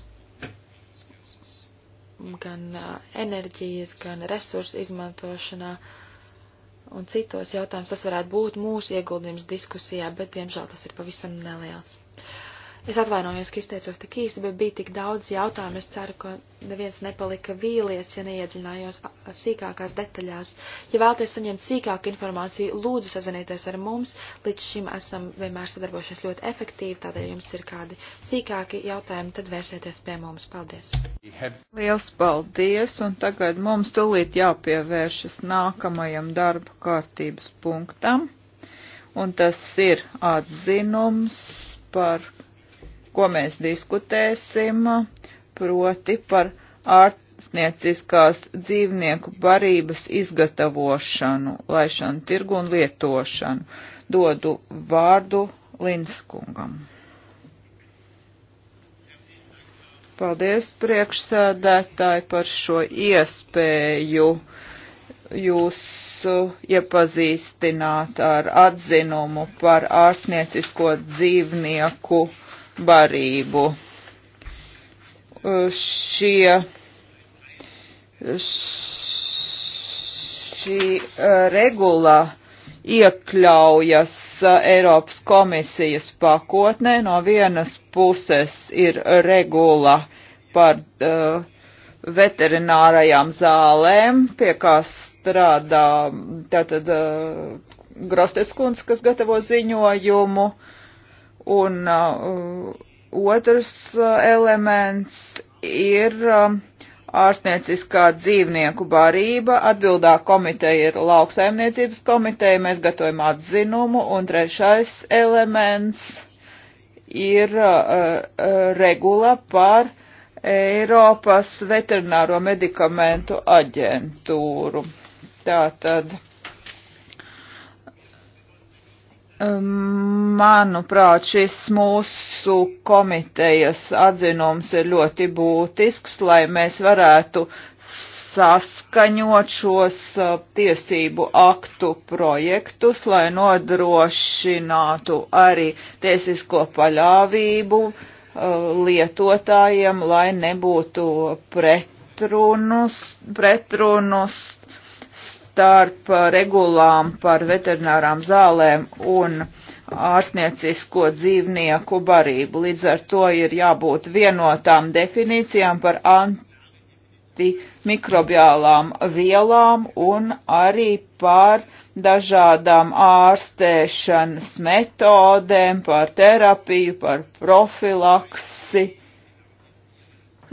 gan enerģijas, gan resursu izmantošanā un citos jautājumus. Tas varētu būt mūsu ieguldījums diskusijā, bet, diemžēl, tas ir pavisam neliels. Uh, Es atvainojos, ka izteicos tik īsi, bet bija tik daudz jautājumu. Es ceru, ka neviens nepalika vīlies, ja neiedziļinājos sīkākās detaļās. Ja vēlaties saņemt sīkāku informāciju, lūdzu sazinieties ar mums. Līdz šim esam vienmēr sadarbojušies ļoti efektīvi, tādēļ jums ir kādi sīkāki jautājumi, tad vērsieties pie mums. Paldies! Liels paldies! Un tagad mums tulīt jāpievēršas nākamajam darba kārtības punktam. Un tas ir atzinums par ko mēs diskutēsim, proti par ārstnieciskās dzīvnieku barības izgatavošanu, laišanu tirgu un lietošanu. Dodu vārdu Linskungam. Paldies priekšsēdētāji par šo iespēju jūs uh, iepazīstināt ar atzinumu par ārstniecisko dzīvnieku barību. Šie, šī regula iekļaujas Eiropas komisijas pakotnē. No vienas puses ir regula par uh, veterinārajām zālēm, pie kā strādā tātad uh, Grosteskundze, kas gatavo ziņojumu. Uh, Un uh, otrs uh, elements ir uh, ārstnieciskā dzīvnieku barība. Atbildā komiteja ir lauksaimniecības komiteja, mēs gatavojam atzinumu. Un trešais elements ir uh, uh regula par Eiropas veterināro medikamentu aģentūru. Tātad. tad Manuprāt, šis mūsu komitejas atzinums ir ļoti būtisks, lai mēs varētu saskaņot šos eh, tiesību aktu projektus, lai nodrošinātu arī tiesisko paļāvību eh, lietotājiem, lai nebūtu pretrunus, pretrunus starp regulām par veterinārām zālēm un ārstniecisko dzīvnieku barību. Līdz ar to ir jābūt vienotām definīcijām par antimikrobiālām vielām un arī par dažādām ārstēšanas metodēm, par terapiju, par profilaksi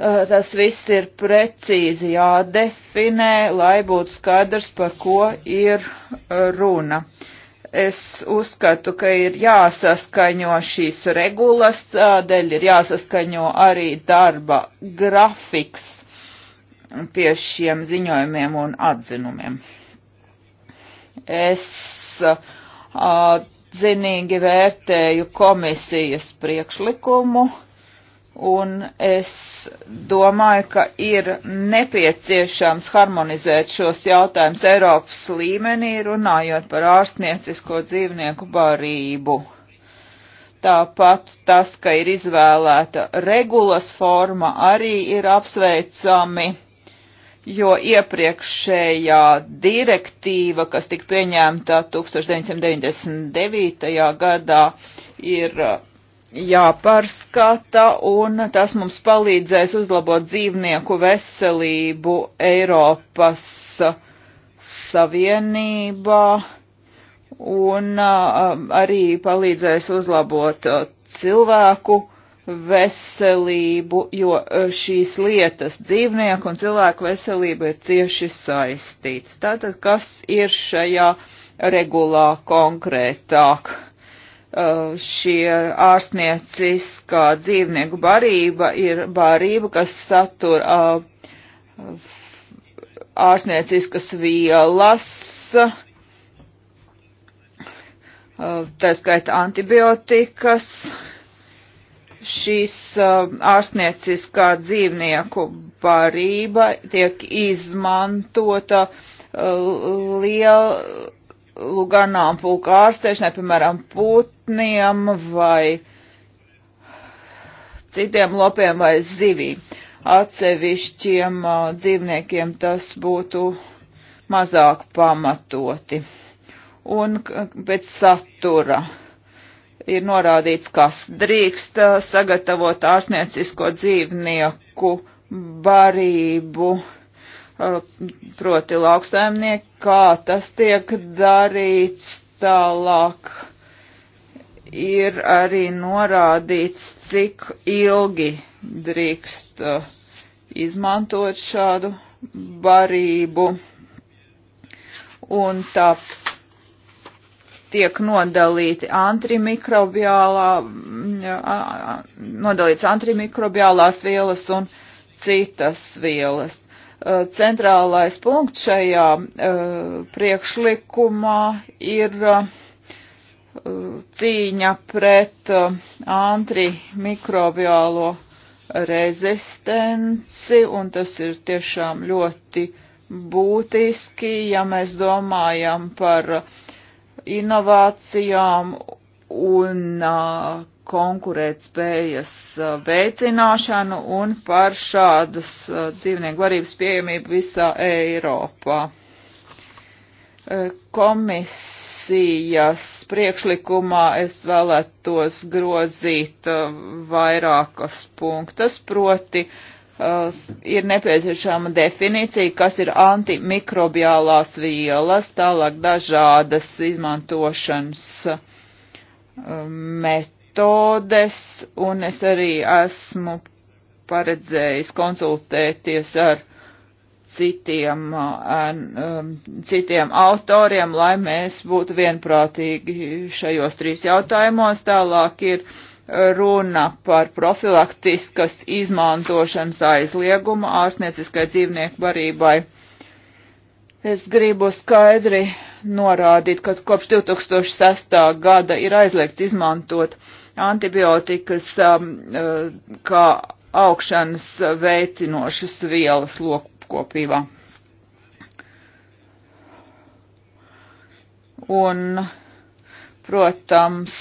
Eh, tas viss ir precīzi jādefinē, lai būtu skaidrs, par ko ir eh, runa. Es uzskatu, ka ir jāsaskaņo šīs regulas, tādēļ ir jāsaskaņo arī darba grafiks pie šiem ziņojumiem un atzinumiem. Es eh, atzinīgi vērtēju komisijas priekšlikumu Un es domāju, ka ir nepieciešams harmonizēt šos jautājumus Eiropas līmenī, runājot par ārstniecisko dzīvnieku barību. Tāpat tas, ka ir izvēlēta regulas forma, arī ir apsveicami, jo iepriekšējā direktīva, kas tika pieņemta 1999. gadā, ir jāpārskata, un tas mums palīdzēs uzlabot dzīvnieku veselību Eiropas Savienībā, un arī palīdzēs uzlabot cilvēku veselību, jo šīs lietas dzīvnieku un cilvēku veselība ir cieši saistītas. Tātad, kas ir šajā regulā konkrētāk? Uh, šie ārstnieciskā dzīvnieku barība ir barība, kas satur uh, ārstnieciskas vielas, uh, tā skaita antibiotikas, šīs ārstnieciskā dzīvnieku barība tiek izmantota liel, ganāmpulka ārstēšanai, piemēram, putniem vai citiem lopiem vai zivīm. Atsevišķiem uh, dzīvniekiem tas būtu mazāk pamatoti. Un pēc satura ir norādīts, kas drīkst sagatavot ārstniecisko dzīvnieku barību. Uh, Eh, proti lauksaimnieki, kā tas tiek darīts tālāk. Ir arī norādīts, cik ilgi drīkst eh, izmantot šādu barību. Un tā tiek nodalīti antimikrobiālā, mm, nodalīts antimikrobiālās vielas un citas vielas Eh, centrālais punkts šajā eh, priekšlikumā ir eh, cīņa pret antimikrobiālo rezistenci, un tas ir tiešām ļoti būtiski, ja mēs domājam par inovācijām un konkurētspējas uh, veicināšanu un par šādas uh, dzīvnieku varības pieejamību visā Eiropā. Uh, komisijas priekšlikumā es vēlētos grozīt vairākas punktas, proti ir nepieciešama definīcija, kas ir antimikrobiālās vielas, tālāk dažādas izmantošanas metodas metodes, un es arī esmu paredzējis konsultēties ar citiem, uh, um, citiem autoriem, lai mēs būtu vienprātīgi šajos trīs jautājumos. Tālāk ir runa par profilaktiskas izmantošanas aizliegumu ārstnieciskai dzīvnieku barībai. Es gribu skaidri norādīt, ka kopš 2006. gada ir aizliegts izmantot uh, antibiotikas um, uh, kā augšanas veicinošas vielas lokopībā. Un, protams,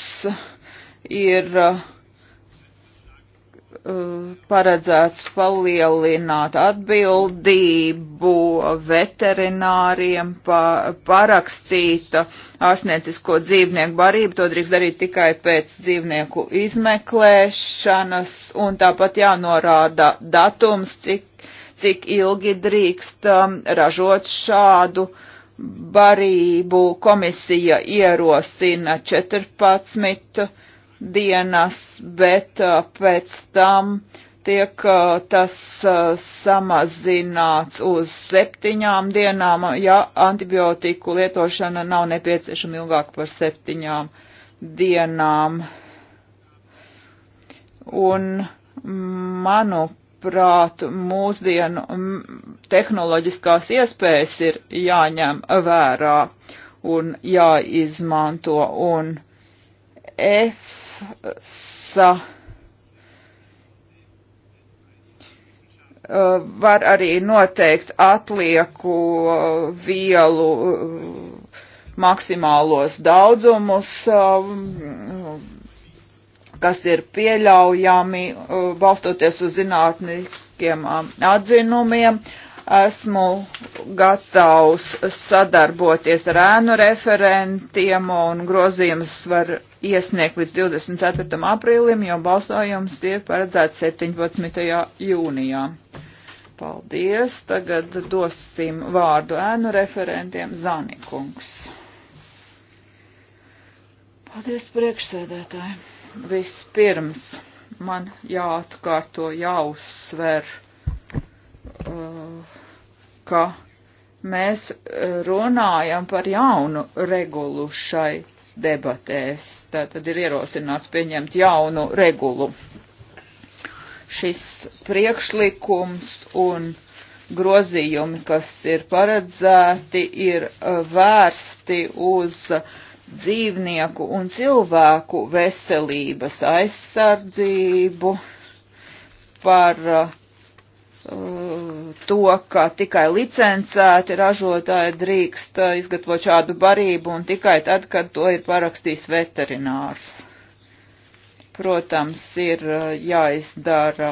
ir uh, Uh, paredzēts palielināt atbildību veterināriem pa, parakstīt ārstniecisko dzīvnieku barību. To drīkst darīt tikai pēc dzīvnieku izmeklēšanas un tāpat jānorāda datums, cik, cik ilgi drīkst um, ražot šādu barību. Komisija ierosina 14 dienas, bet uh, pēc tam tiek uh, tas uh, samazināts uz septiņām dienām, ja antibiotiku lietošana nav nepieciešama ilgāk par septiņām dienām. Un manuprāt, mūsdienu tehnoloģiskās iespējas ir jāņem vērā un jāizmanto. Un F sa eh, var arī noteikt atlieku eh, vielu eh, maksimālos daudzumus, kas ir pieļaujami balstoties uz zinātniskiem atzinumiem. Esmu gatavs sadarboties ar ēnu referentiem un grozījumus var iesniegt līdz 24. aprīlim, jo balsojums ir paredzēts 17. jūnijā. Paldies. Tagad dosim vārdu ēnu referentiem Zanikungs. Paldies priekšsēdētāji. Vispirms man jāatkārto, jāuzsver, uh, ka mēs runājam par jaunu regulu šai debatēs. Tā tad ir ierosināts pieņemt jaunu regulu. Šis priekšlikums un grozījumi, kas ir paredzēti, ir uh, vērsti uz dzīvnieku un cilvēku veselības aizsardzību par uh, to, ka tikai licencēti ražotāji drīkst izgatavot šādu barību un tikai tad, kad to ir parakstījis veterinārs. Protams, ir uh, jāizdara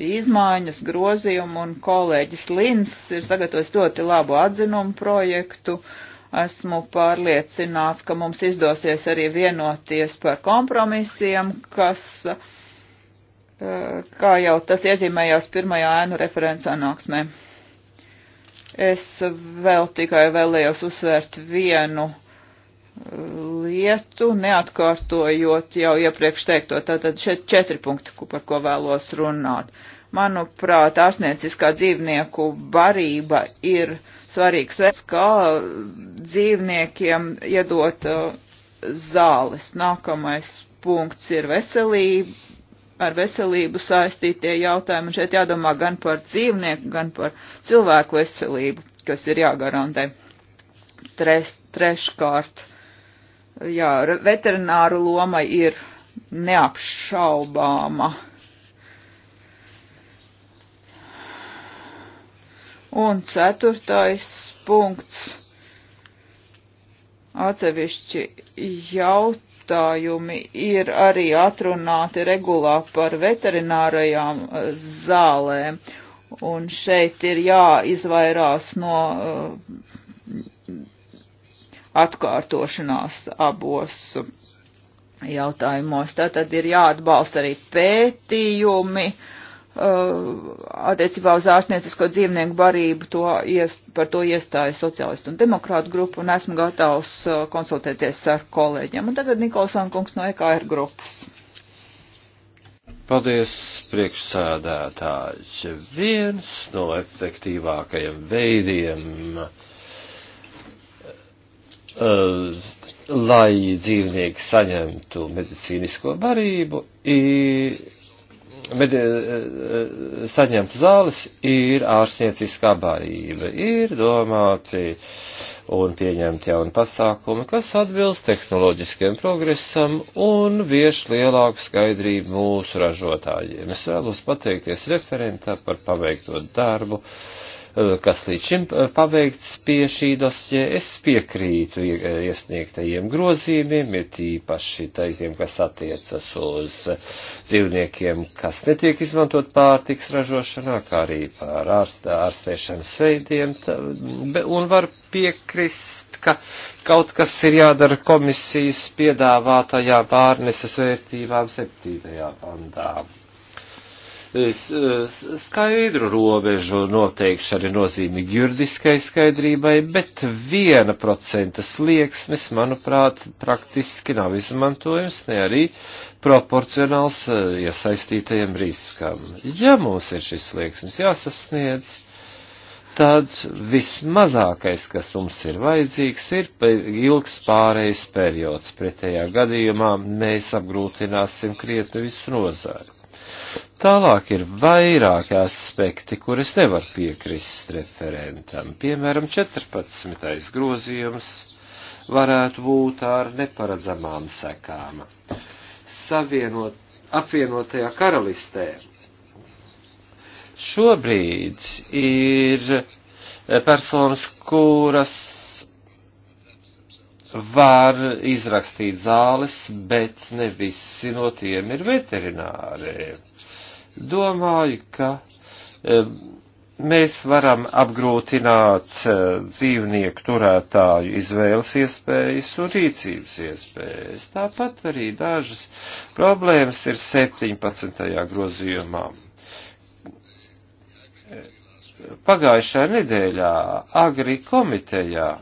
izmaiņas, grozījumu un kolēģis Lins ir sagatavojis ļoti labu atzinumu projektu. Esmu pārliecināts, ka mums izdosies arī vienoties par kompromisiem, kas uh, Eh, kā jau tas iezīmējās pirmajā ēnu referents sanāksmē. Es vēl tikai vēlējos uzsvērt vienu eh, lietu, neatkārtojot jau iepriekš teikto, tātad šeit četri punkti, par ko vēlos runāt. Manuprāt, ārstnieciskā dzīvnieku barība ir svarīgs veids, kā dzīvniekiem iedot eh, zāles. Nākamais punkts ir veselība ar veselību saistītie jautājumi. Un šeit jādomā gan par dzīvnieku, gan par cilvēku veselību, kas ir jāgarantē. Tres, treškārt, jā, veterināru loma ir neapšaubāma. Un ceturtais punkts atsevišķi jautājums jautājumi ir arī atrunāti regulā par veterinārajām eh, zālēm. Un šeit ir jāizvairās no eh, atkārtošanās abos jautājumos. Tātad ir jāatbalsta arī pētījumi, uh, Uh, attiecībā uz ārstniecisko dzīvnieku barību to ies, par to iestāja sociālistu un demokrātu grupu un esmu gatavs uh, konsultēties ar kolēģiem. Un tagad Nikolson kungs no EKR grupas. Paldies, priekšsēdētāji. Viens no efektīvākajiem veidiem, uh, lai dzīvnieki saņemtu medicīnisko barību, ir med, eh, eh, saņemtu zāles ir ārstnieciskā barība, ir domāti un pieņemti jauni pasākumi, kas atbilst tehnoloģiskiem progresam un vieš lielāku skaidrību mūsu ražotājiem. Es vēlos pateikties referentā par paveikto darbu Eh, kas līdz šim eh, paveikts pie šī dosjē, es piekrītu eh, iesniegtajiem grozījumiem, ir tīpaši teiktiem, kas attiecas uz dzīvniekiem, kas netiek izmantot pārtiks ražošanā, kā arī par ārst, ārstēšanas veidiem, un var piekrist, ka kaut kas ir jādara komisijas piedāvātajā pārneses vērtībām septītajā pandā skaidru robežu noteikšana ir nozīmīga juridiskai skaidrībai, bet viena procenta slieksnis, manuprāt, praktiski nav izmantojums, ne arī proporcionāls e, iesaistītajiem riskam. Ja mums ir šis slieksnis jāsasniedz, tad vismazākais, kas mums ir vajadzīgs, ir ilgs pārejas periods. Pretējā gadījumā mēs apgrūtināsim krietni visu nozari. Tālāk ir vairāki aspekti, kuras nevar piekrist referentam. Piemēram, 14. grozījums varētu būt ar neparedzamām sekām. Savienot, apvienotajā karalistē šobrīd ir personas, kuras var izrakstīt zāles, bet ne visi no tiem ir veterināri. Domāju, ka mēs varam apgrūtināt eh, dzīvnieku turētāju izvēles iespējas un rīcības iespējas. Tāpat arī dažas problēmas ir 17. grozījumā. Pagājušā nedēļā Agri komitejā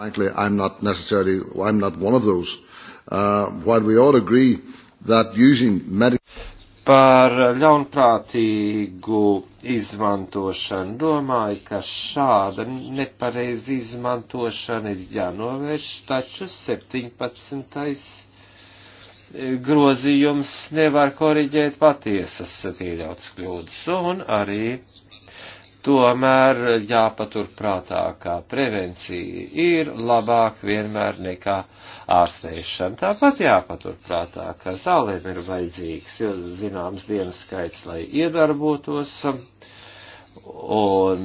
Frankly, I'm not necessarily, I'm not one of those. Uh, while we all agree uh, that using medical par ļaunprātīgu izmantošanu. Domāju, ka šāda nepareizi izmantošana ir jānovērš, taču 17. E, grozījums nevar koriģēt patiesas pieļautas kļūdas un arī tomēr jāpatur prātā, ka prevencija ir labāk vienmēr nekā ārstēšanu. Tāpat jāpaturprātā, ka zālēm ir vajadzīgs zināms dienu skaits, lai iedarbotos, un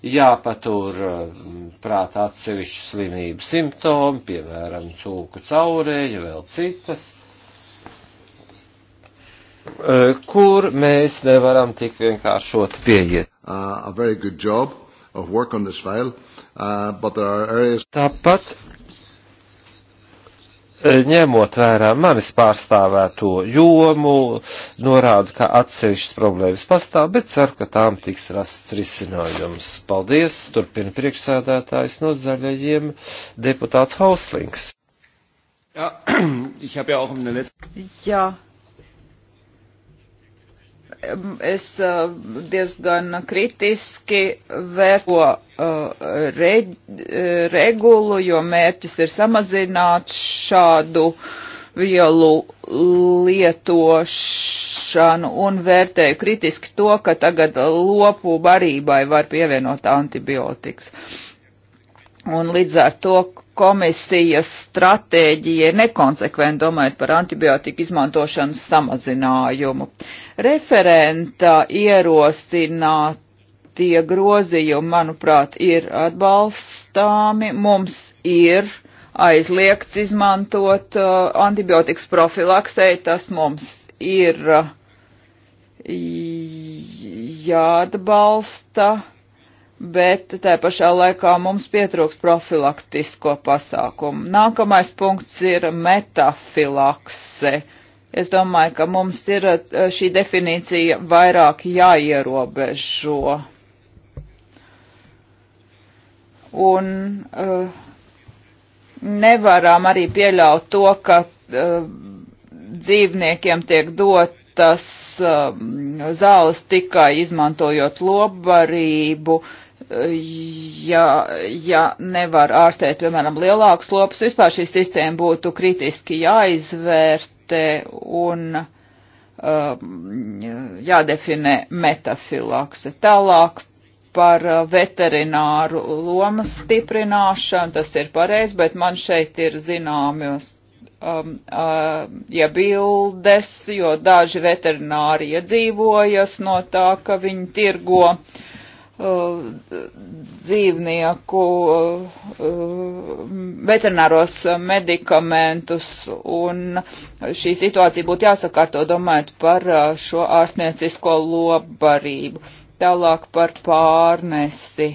jāpatur mm, prātā atsevišķu slimību simptomi, piemēram, cūku caurēju, vēl citas e, kur mēs nevaram tik vienkāršot pieiet. Uh, uh Tāpat Eh, ņemot vērā manis pārstāvēto jomu, norādu, ka atsevišķas problēmas pastāv, bet ceru, ka tām tiks rasts risinājums. Paldies, turpina priekšsēdētājs no zaļajiem deputāts Hauslings. Jā, ja, es diezgan kritiski vērto eh, re, eh, regulu, jo mērķis ir samazināt šādu vielu lietošanu un vērtēju kritiski to, ka tagad lopu barībai var pievienot antibiotikas. Uh, Un līdz ar to komisijas stratēģija ir nekonsekventa domājot par antibiotiku izmantošanas samazinājumu. Referenta ierosinātie grozījumi, manuprāt, ir atbalstāmi. Mums ir aizliegts izmantot uh, antibiotikas profilaksē, tas mums ir uh, jāatbalsta. Uh, bet tā pašā laikā mums pietrūks profilaktisko pasākumu. Nākamais punkts ir metafilakse. Es domāju, ka mums ir eh, šī definīcija vairāk jāierobežo. Un uh, nevaram arī pieļaut to, ka uh, dzīvniekiem tiek dotas uh, zāles tikai izmantojot lobarību, ja, ja nevar ārstēt, piemēram, lielākus lopus, vispār šī sistēma būtu kritiski jāizvērtē un um, jādefinē metafilakse. Tālāk par uh, veterināru lomas stiprināšanu, tas ir pareizi, bet man šeit ir zināmas um, uh, iebildes, jo daži veterināri iedzīvojas no tā, ka viņi tirgo uh, dzīvnieku eh, veterināros medikamentus, un šī situācija būtu jāsakārto domājot par eh, šo ārstniecisko lobarību. Tālāk par pārnesi.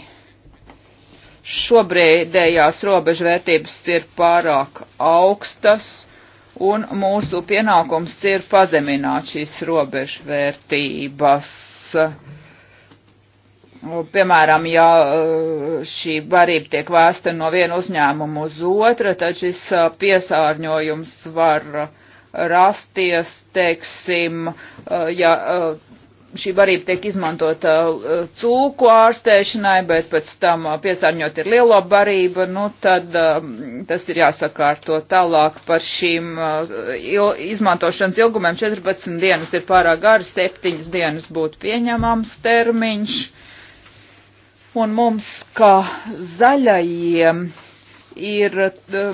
Šobrīdējās robežvērtības ir pārāk augstas, un mūsu pienākums ir pazemināt šīs robežvērtības. Uh, Nu, piemēram, ja eh, šī barība tiek vēsta no viena uzņēmuma uz otra, tad šis eh, piesārņojums var eh, rasties, teiksim, ja šī varība tiek izmantota cūku ārstēšanai, bet pēc tam piesārņot ir lielo barība, nu tad tas ir jāsakārto tālāk par šīm izmantošanas ilgumiem. 14 dienas ir pārāk gari, 7 dienas būtu pieņemams termiņš. Un mums, kā zaļajiem, ir,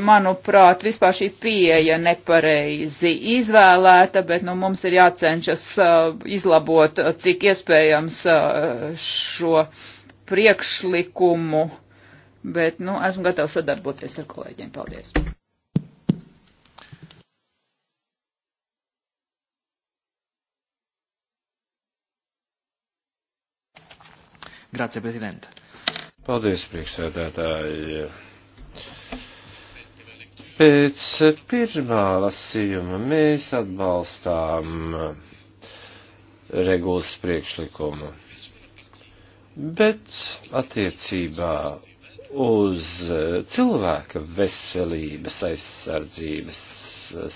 manuprāt, vispār šī pieeja nepareizi izvēlēta, bet nu, mums ir jācenšas izlabot, cik iespējams šo priekšlikumu. Bet nu, esmu gatavs sadarboties ar kolēģiem. Paldies! Grazie, prezidente. Paldies, priekšsēdētāji. Pēc pirmā lasījuma mēs atbalstām regulas priekšlikumu, bet attiecībā uz cilvēka veselības aizsardzības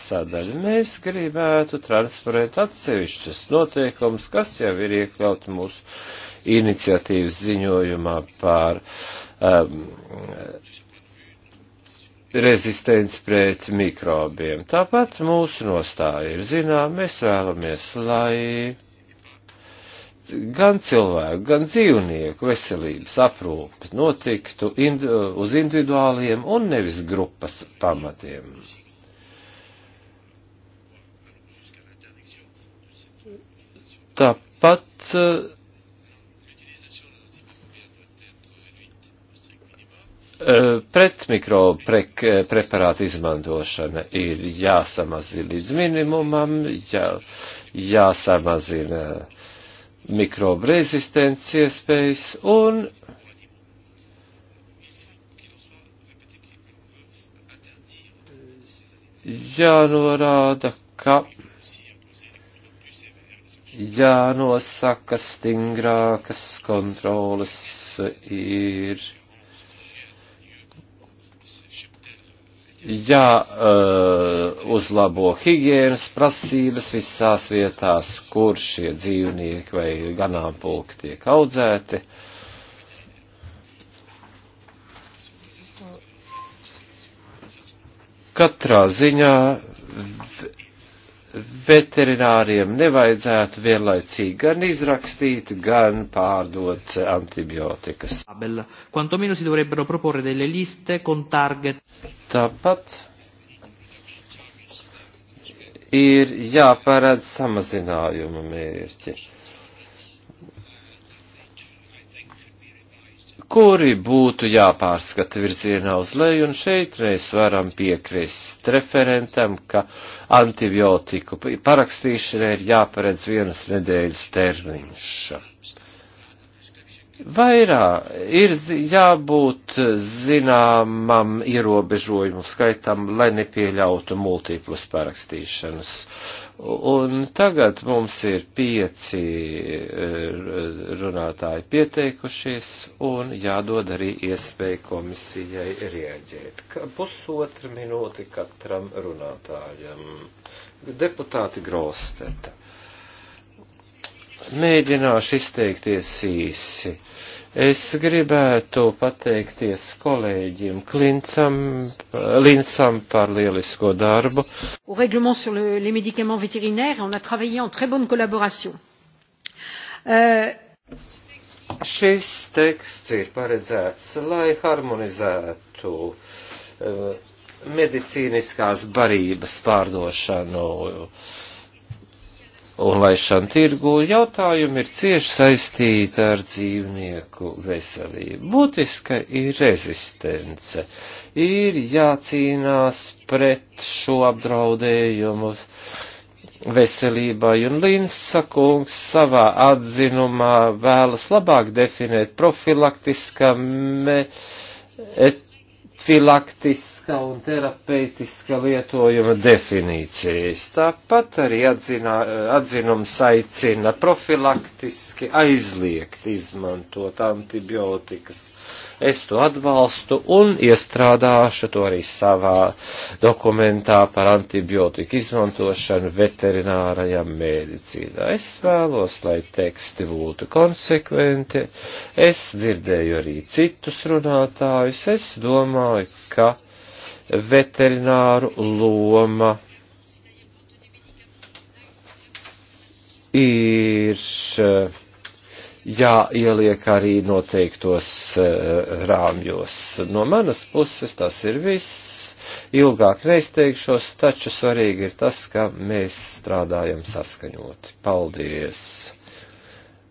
sadaļu mēs gribētu transferēt atsevišķus noteikumus, kas jau ir iekļauti mūsu iniciatīvas ziņojumā par um, rezistents pret mikrobiem. Tāpat mūsu nostāja ir zinām, mēs vēlamies, lai gan cilvēku, gan dzīvnieku veselības aprūpe notiktu ind uz individuāliem un nevis grupas pamatiem. Tāpat Eh, pretmikrobu prek, eh, preparātu izmantošana ir jāsamazina līdz minimumam, jā, jāsamazina mikrobu rezistents iespējas un jānorāda, ka jānosaka stingrākas kontrolas ir jāuzlabo eh, uh, higienas prasības visās vietās, kur šie dzīvnieki vai ganāmpulki tiek audzēti. Katrā ziņā veterināriem nevajadzētu vienlaicīgi gan izrakstīt, gan pārdot antibiotikas. Tāpat ir jāparedz samazinājuma mērķi kuri būtu jāpārskata virzienā uz leju, un šeit mēs varam piekrist referentam, ka antibiotiku parakstīšanai ir jāparedz vienas nedēļas termiņš. Vairāk ir jābūt zināmam ierobežojumu skaitam, lai nepieļautu multiplus parakstīšanas. Uh, Un tagad mums ir pieci e, runātāji pieteikušies un jādod arī iespēja komisijai rieģēt. Pusotra minūte katram runātājam. Deputāti Grosteta. Mēģināšu izteikties īsi. Es gribētu pateikties kolēģim Klincam, Lincam par lielisko darbu. Au règlement sur le, les médicaments vétérinaires, on a travaillé en très bonne collaboration. Euh... Šis teksts ir paredzēts, lai harmonizētu uh, medicīniskās barības pārdošanu. Uh, un laišanu tirgu, jautājumi ir cieši saistīti ar dzīvnieku veselību. Būtiska ir rezistence. Ir jācīnās pret šo apdraudējumu veselībai, un Linsa kungs savā atzinumā vēlas labāk definēt profilaktiskā me, et, profilaktiska un terapeitiska lietojuma definīcijas. Tāpat arī atzinā, atzinums aicina profilaktiski aizliegt izmantot antibiotikas. Es to atbalstu un iestrādāšu to arī savā dokumentā par antibiotiku izmantošanu veterinārajā medicīnā. Es vēlos, lai teksti būtu konsekventi. Es dzirdēju arī citus runātājus. Es domāju, domāju, ka veterināru loma ir eh, jāieliek arī noteiktos eh, rāmjos. No manas puses tas ir viss. Ilgāk neizteikšos, taču svarīgi ir tas, ka mēs strādājam saskaņoti. Paldies!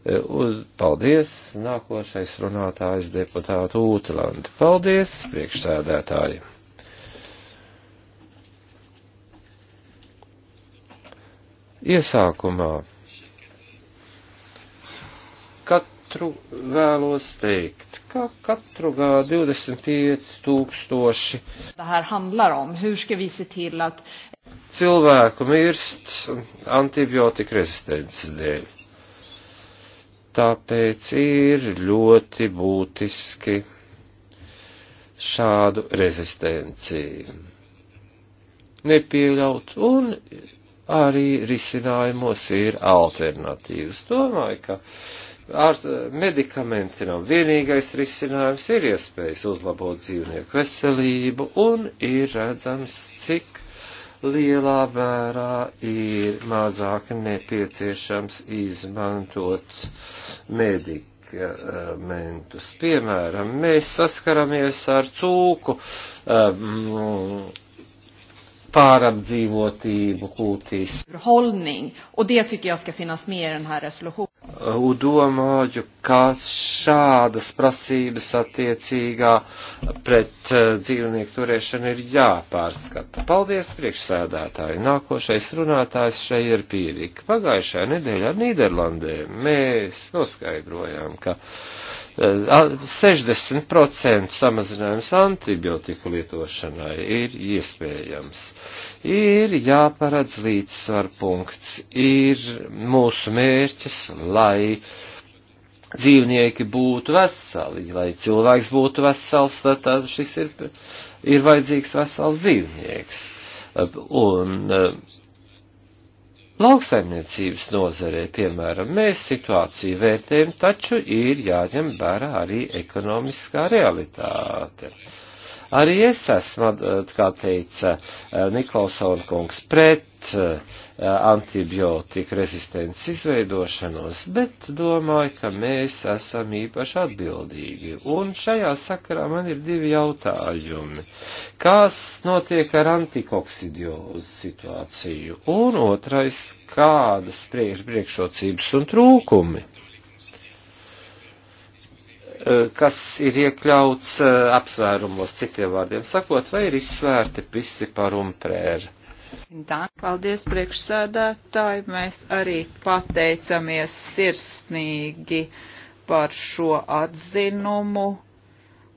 E, uz, paldies, nākošais runātājs deputāta Ūtelanda. Paldies, priekšsēdētāji. Iesākumā katru vēlos teikt, ka katru gadu 25 tūkstoši cilvēku mirst antibiotika rezistences dēļ Tāpēc ir ļoti būtiski šādu rezistenciju nepieļaut, un arī risinājumos ir alternatīvas. Domāju, ka ar medikamenti nav vienīgais risinājums, ir iespējas uzlabot dzīvnieku veselību, un ir redzams, cik lielā mērā ir mazāk nepieciešams izmantot medikamentus. Piemēram, mēs saskaramies ar cūku um, pārapdzīvotību kūtīs. Un uh, domāju, kā šādas prasības attiecīgā pret uh, dzīvnieku turēšanu ir jāpārskata. Paldies, priekšsēdētāji. Nākošais runātājs šeit ir Pīrika. Pagājušajā nedēļā Nīderlandē mēs noskaidrojām, ka. Uh, 60% samazinājums antibiotiku lietošanai ir iespējams. Ir jāparedz līdzsvar punkts, ir mūsu mērķis, lai dzīvnieki būtu veseli, lai cilvēks būtu vesels, tad, tad šis ir, ir vajadzīgs vesels dzīvnieks. Un, uh, Lauksaimniecības nozarē, piemēram, mēs situāciju vērtējam, taču ir jāņem vērā arī ekonomiskā realitāte. Uh, Arī es esmu, eh, kā teica eh, Nikolsona kungs, pret eh, antibiotika rezistences izveidošanos, bet domāju, ka mēs esam īpaši atbildīgi. Un šajā sakarā man ir divi jautājumi. Kas notiek ar antikoksidiozu situāciju? Un otrais, kādas priekš, priekšrocības un trūkumi? Eh, kas ir iekļauts eh, apsvērumos, citiem vārdiem sakot, vai ir izsvērti visi par umprēru. Paldies, priekšsēdētāji. Mēs arī pateicamies sirsnīgi par šo atzinumu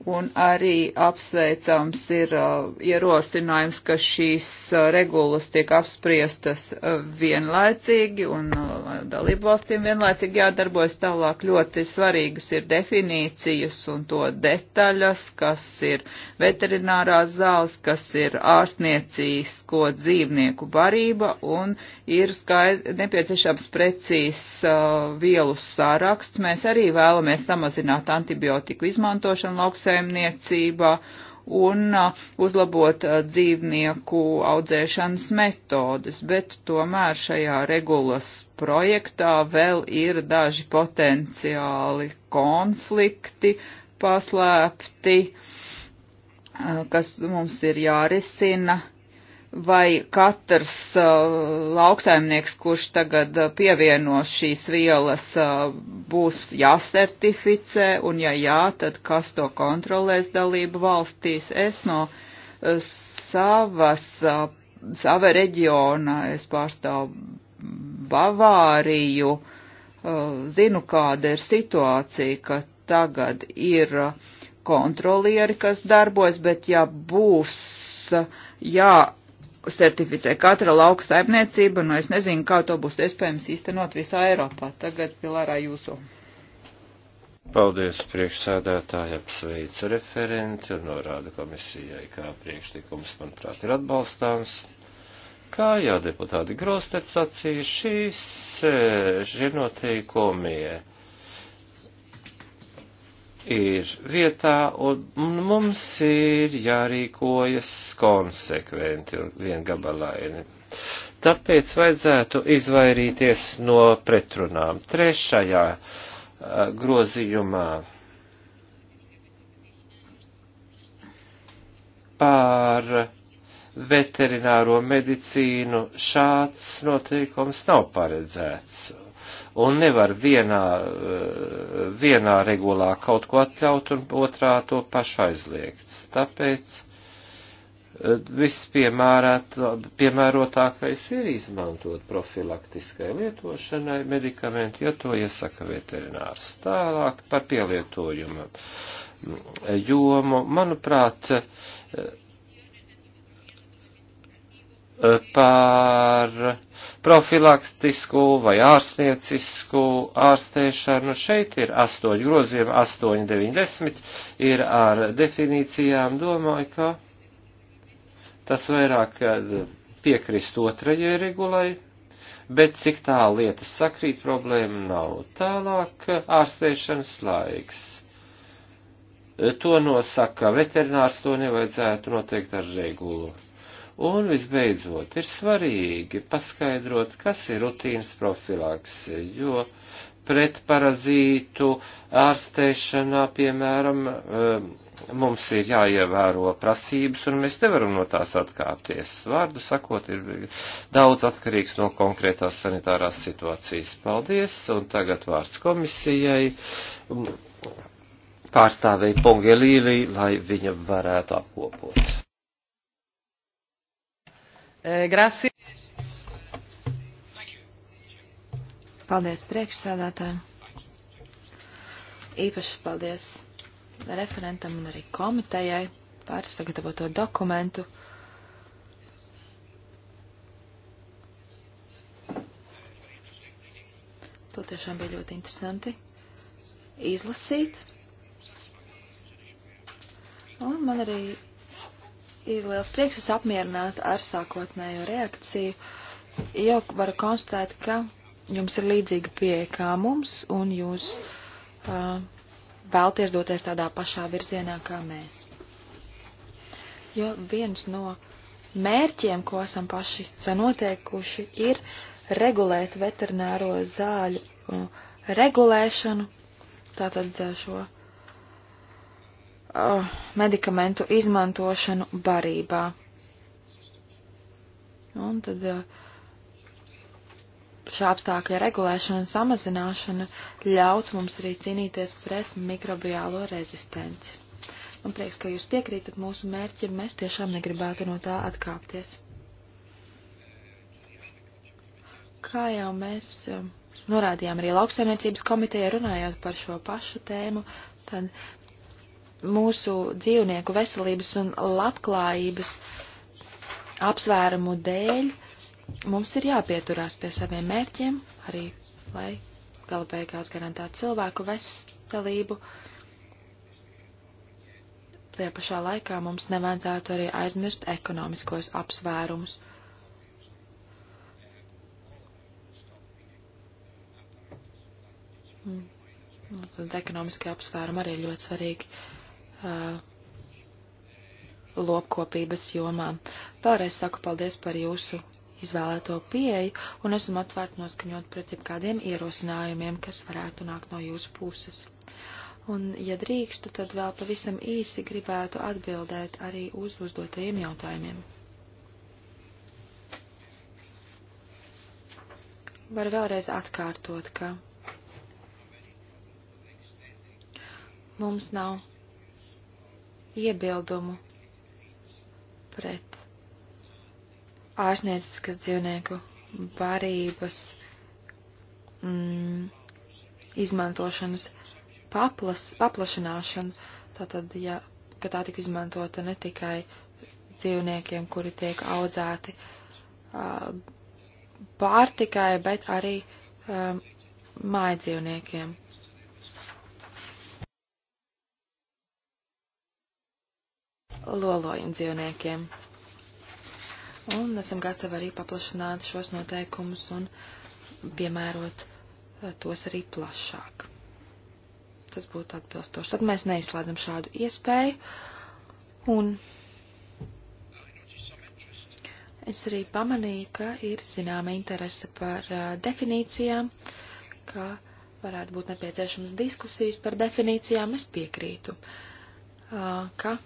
Un arī apsveicams ir uh, ierosinājums, ka šīs uh, regulas tiek apspriestas uh, vienlaicīgi un uh, dalību valstīm vienlaicīgi jādarbojas tālāk. Ļoti svarīgas ir definīcijas un to detaļas, kas ir veterinārās zāles, kas ir ārstniecīsko dzīvnieku barība un ir skaidr, nepieciešams precīzs uh, vielu saraksts. Mēs arī vēlamies samazināt antibiotiku izmantošanu lauksē lauksaimniecībā un uzlabot dzīvnieku audzēšanas metodas, bet tomēr šajā regulas projektā vēl ir daži potenciāli konflikti paslēpti, kas mums ir jārisina vai katrs uh, lauksaimnieks, kurš tagad uh, pievienos šīs vielas, uh, būs jāsertificē, un ja jā, tad kas to kontrolēs dalību valstīs? Es no uh, savas, uh, sava reģiona, es pārstāvu Bavāriju, uh, zinu, kāda ir situācija, ka tagad ir uh, kontrolieri, kas darbojas, bet ja būs, uh, jā, certificē katra lauka saimniecība, nu es nezinu, kā to būs iespējams īstenot visā Eiropā. Tagad Pilārā jūsu. Paldies priekšsēdētāji apsveicu referenti un norāda komisijai, kā priekšlikums, manuprāt, ir atbalstāms. Kā jau deputāti Grostec sacīja, šīs, eh, šie noteikumi ir vietā, un mums ir jārīkojas konsekventi un viengabalaini. Tāpēc vajadzētu izvairīties no pretrunām. Trešajā grozījumā par veterināro medicīnu šāds noteikums nav paredzēts un nevar vienā, eh, vienā regulā kaut ko atļaut un otrā to pašu aizliegt. Tāpēc eh, viss piemērotākais ir izmantot profilaktiskai lietošanai medikamentu, ja to iesaka veterinārs. Tālāk par pielietojumu mm, jomu, manuprāt, eh, par profilaktisku vai ārstniecisku ārstēšanu. Šeit ir astoņi grozījumi, astoņi, deviņdesmit ir ar definīcijām. Domāju, ka tas vairāk eh, piekrist otrajai regulai, bet cik tā lietas sakrīt, problēma nav. Tālāk ārstēšanas laiks. Eh, to nosaka veterinārs, to nevajadzētu noteikt ar regulu Un visbeidzot, ir svarīgi paskaidrot, kas ir rutīnas profilakse, jo pret parazītu ārstēšanā, piemēram, eh, mums ir jāievēro prasības, un mēs nevaram no tās atkāpties. Vārdu sakot, ir daudz atkarīgs no konkrētās sanitārās situācijas. Paldies, un tagad vārds komisijai pārstāvēja Pongelīlī, lai viņa varētu apkopot. Eh, grazie. Paldies priekšsēdētājiem. Īpaši paldies referentam un arī komitejai par sagatavoto dokumentu. To tiešām bija ļoti interesanti izlasīt. Un man arī ir liels prieks es apmierināt ar sākotnējo reakciju. Jau varu konstatēt, ka jums ir līdzīga pieeja kā mums, un jūs uh, vēlties doties tādā pašā virzienā kā mēs. Jo viens no mērķiem, ko esam paši sanoteikuši, ir regulēt veterināro zāļu regulēšanu, tātad šo uh, medikamentu izmantošanu barībā. Un tad uh, šā apstākļa regulēšana un samazināšana ļaut mums arī cīnīties pret mikrobiālo rezistenci. Man prieks, ka jūs piekrītat mūsu mērķim, mēs tiešām negribētu no tā atkāpties. Kā jau mēs uh, norādījām arī lauksaimniecības komiteja runājot par šo pašu tēmu, tad mūsu dzīvnieku veselības un labklājības apsvērumu dēļ mums ir jāpieturās pie saviem mērķiem, arī lai gala beigās garantētu cilvēku veselību. Tajā pašā laikā mums nevajadzētu arī aizmirst ekonomiskos apsvērumus. Mm. Un, un ekonomiskie apsvērumi arī ir ļoti svarīgi. Uh, uh, lopkopības jomā. Vēlreiz saku paldies par jūsu izvēlēto pieeju un esam atvērti noskaņot pret jebkādiem ierosinājumiem, kas varētu nākt no jūsu puses. Un, ja drīkstu, tad vēl pavisam īsi gribētu atbildēt arī uz uzdotajiem jautājumiem. Var vēlreiz atkārtot, ka mums nav iebildumu pret ārsnieciskas dzīvnieku barības mm, izmantošanas paplas, paplašināšanu. Tātad, ja, ka tā tika izmantota ne tikai dzīvniekiem, kuri tiek audzēti uh, pārtikai, bet arī um, mājdzīvniekiem. lolojumu dzīvniekiem. Un esam gatavi arī paplašināt šos noteikumus un piemērot eh, tos arī plašāk. Tas būtu atbilstoši. Tad mēs neizslēdzam šādu iespēju. Un es arī pamanīju, ka ir zināma interese par uh, definīcijām, ka varētu būt nepieciešamas diskusijas par definīcijām. Es piekrītu, uh, ka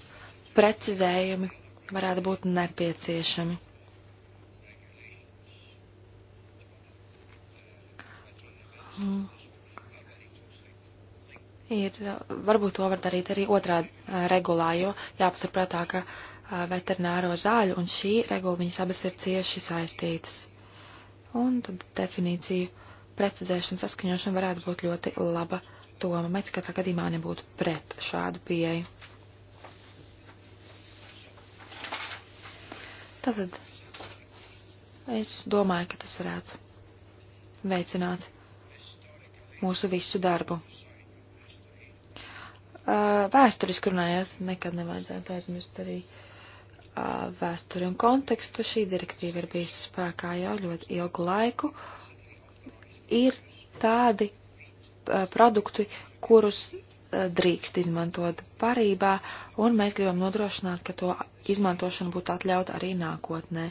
precizējumi varētu būt nepieciešami. Ir, varbūt to var darīt arī otrā regulā, jo jāpaturprātā, ka veterināro zāļu un šī regula viņas abas ir cieši saistītas. Un tad definīciju precizēšana saskaņošana varētu būt ļoti laba doma. Mēs katrā gadījumā nebūtu pret šādu pieeju. Tātad es domāju, ka tas varētu veicināt mūsu visu darbu. Vēsturiski runājot, nekad nevajadzētu aizmirst arī vēsturi un kontekstu. Šī direktīva ir bijusi spēkā jau ļoti ilgu laiku. Ir tādi produkti, kurus drīkst izmantot parībā, un mēs gribam nodrošināt, ka to izmantošana būtu atļauta arī nākotnē.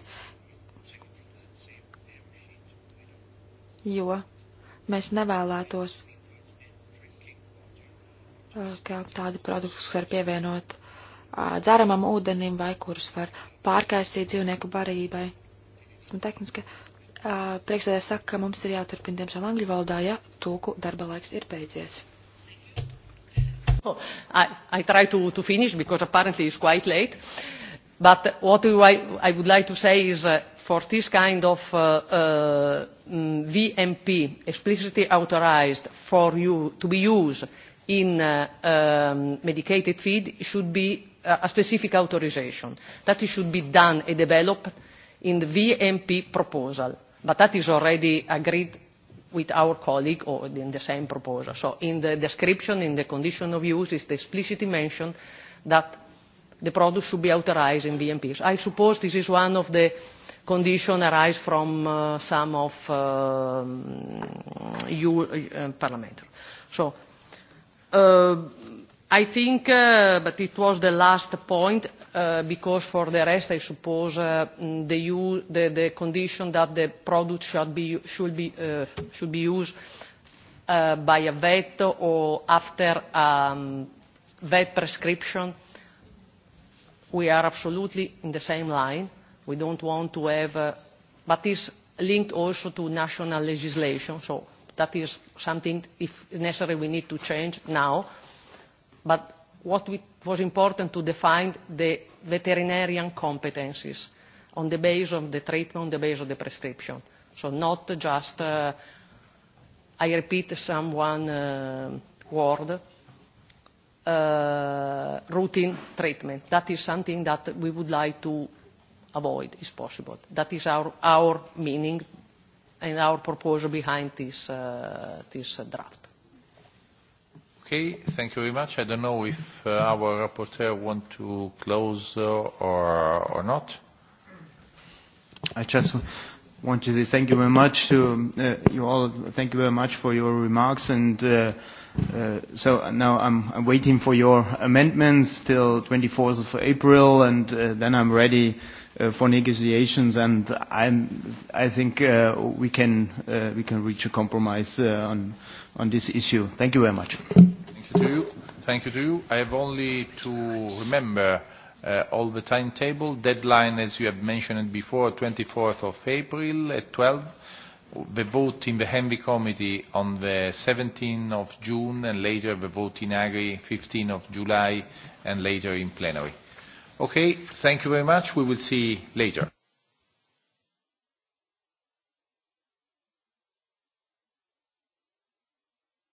Jo mēs nevēlētos, eh, ka tādi produkti, kur var pievienot eh, dzeramam ūdenim vai kurus var pārkaisīt dzīvnieku barībai. Esmu tehniski eh, priekšsēdē saka, ka mums ir jāturpina, diemžēl, angļu valodā, ja tulku darba laiks ir beidzies. Oh, I, I try to, to finish because apparently it's quite late. But what I, I would like to say is uh, for this kind of uh, uh, mm, VMP explicitly authorized for you to be used in uh, um, medicated feed should be uh, a specific authorization. That should be done and developed in the VMP proposal. But that is already agreed with our colleague or in the same proposal. So in the description, in the condition of use, it's explicitly mentioned that the product should be authorized in VMPs. I suppose this is one of the conditions arise from uh, some of uh, um, EU uh, parliamentary. So uh, I think, uh, but it was the last point, uh, because for the rest, I suppose, uh, the, use, the, the condition that the product should be, should be, uh, should be used uh, by a vet or after um, vet prescription, we are absolutely in the same line. We don't want to have, uh, but it's linked also to national legislation, so that is something, if necessary, we need to change now but what we, was important to define the veterinarian competencies on the basis of the treatment, on the basis of the prescription. So not just, uh, I repeat some one uh, word, uh, routine treatment. That is something that we would like to avoid, if possible. That is our, our meaning and our proposal behind this, uh, this draft. Okay, thank you very much. I don't know if uh, our rapporteur want to close uh, or, or not. I just want to say thank you very much to uh, you all. Thank you very much for your remarks. And uh, uh, so now I'm, I'm waiting for your amendments till 24th of April, and uh, then I'm ready uh, for negotiations. And I'm, I think uh, we can uh, we can reach a compromise uh, on on this issue. Thank you very much. Thank you to you. Thank you to you. I have only to remember uh, all the timetable. Deadline, as you have mentioned before, 24th of April at 12. The vote in the Henry Committee on the 17th of June, and later the vote in Agri, 15th of July, and later in plenary. Okay, thank you very much. We will see later.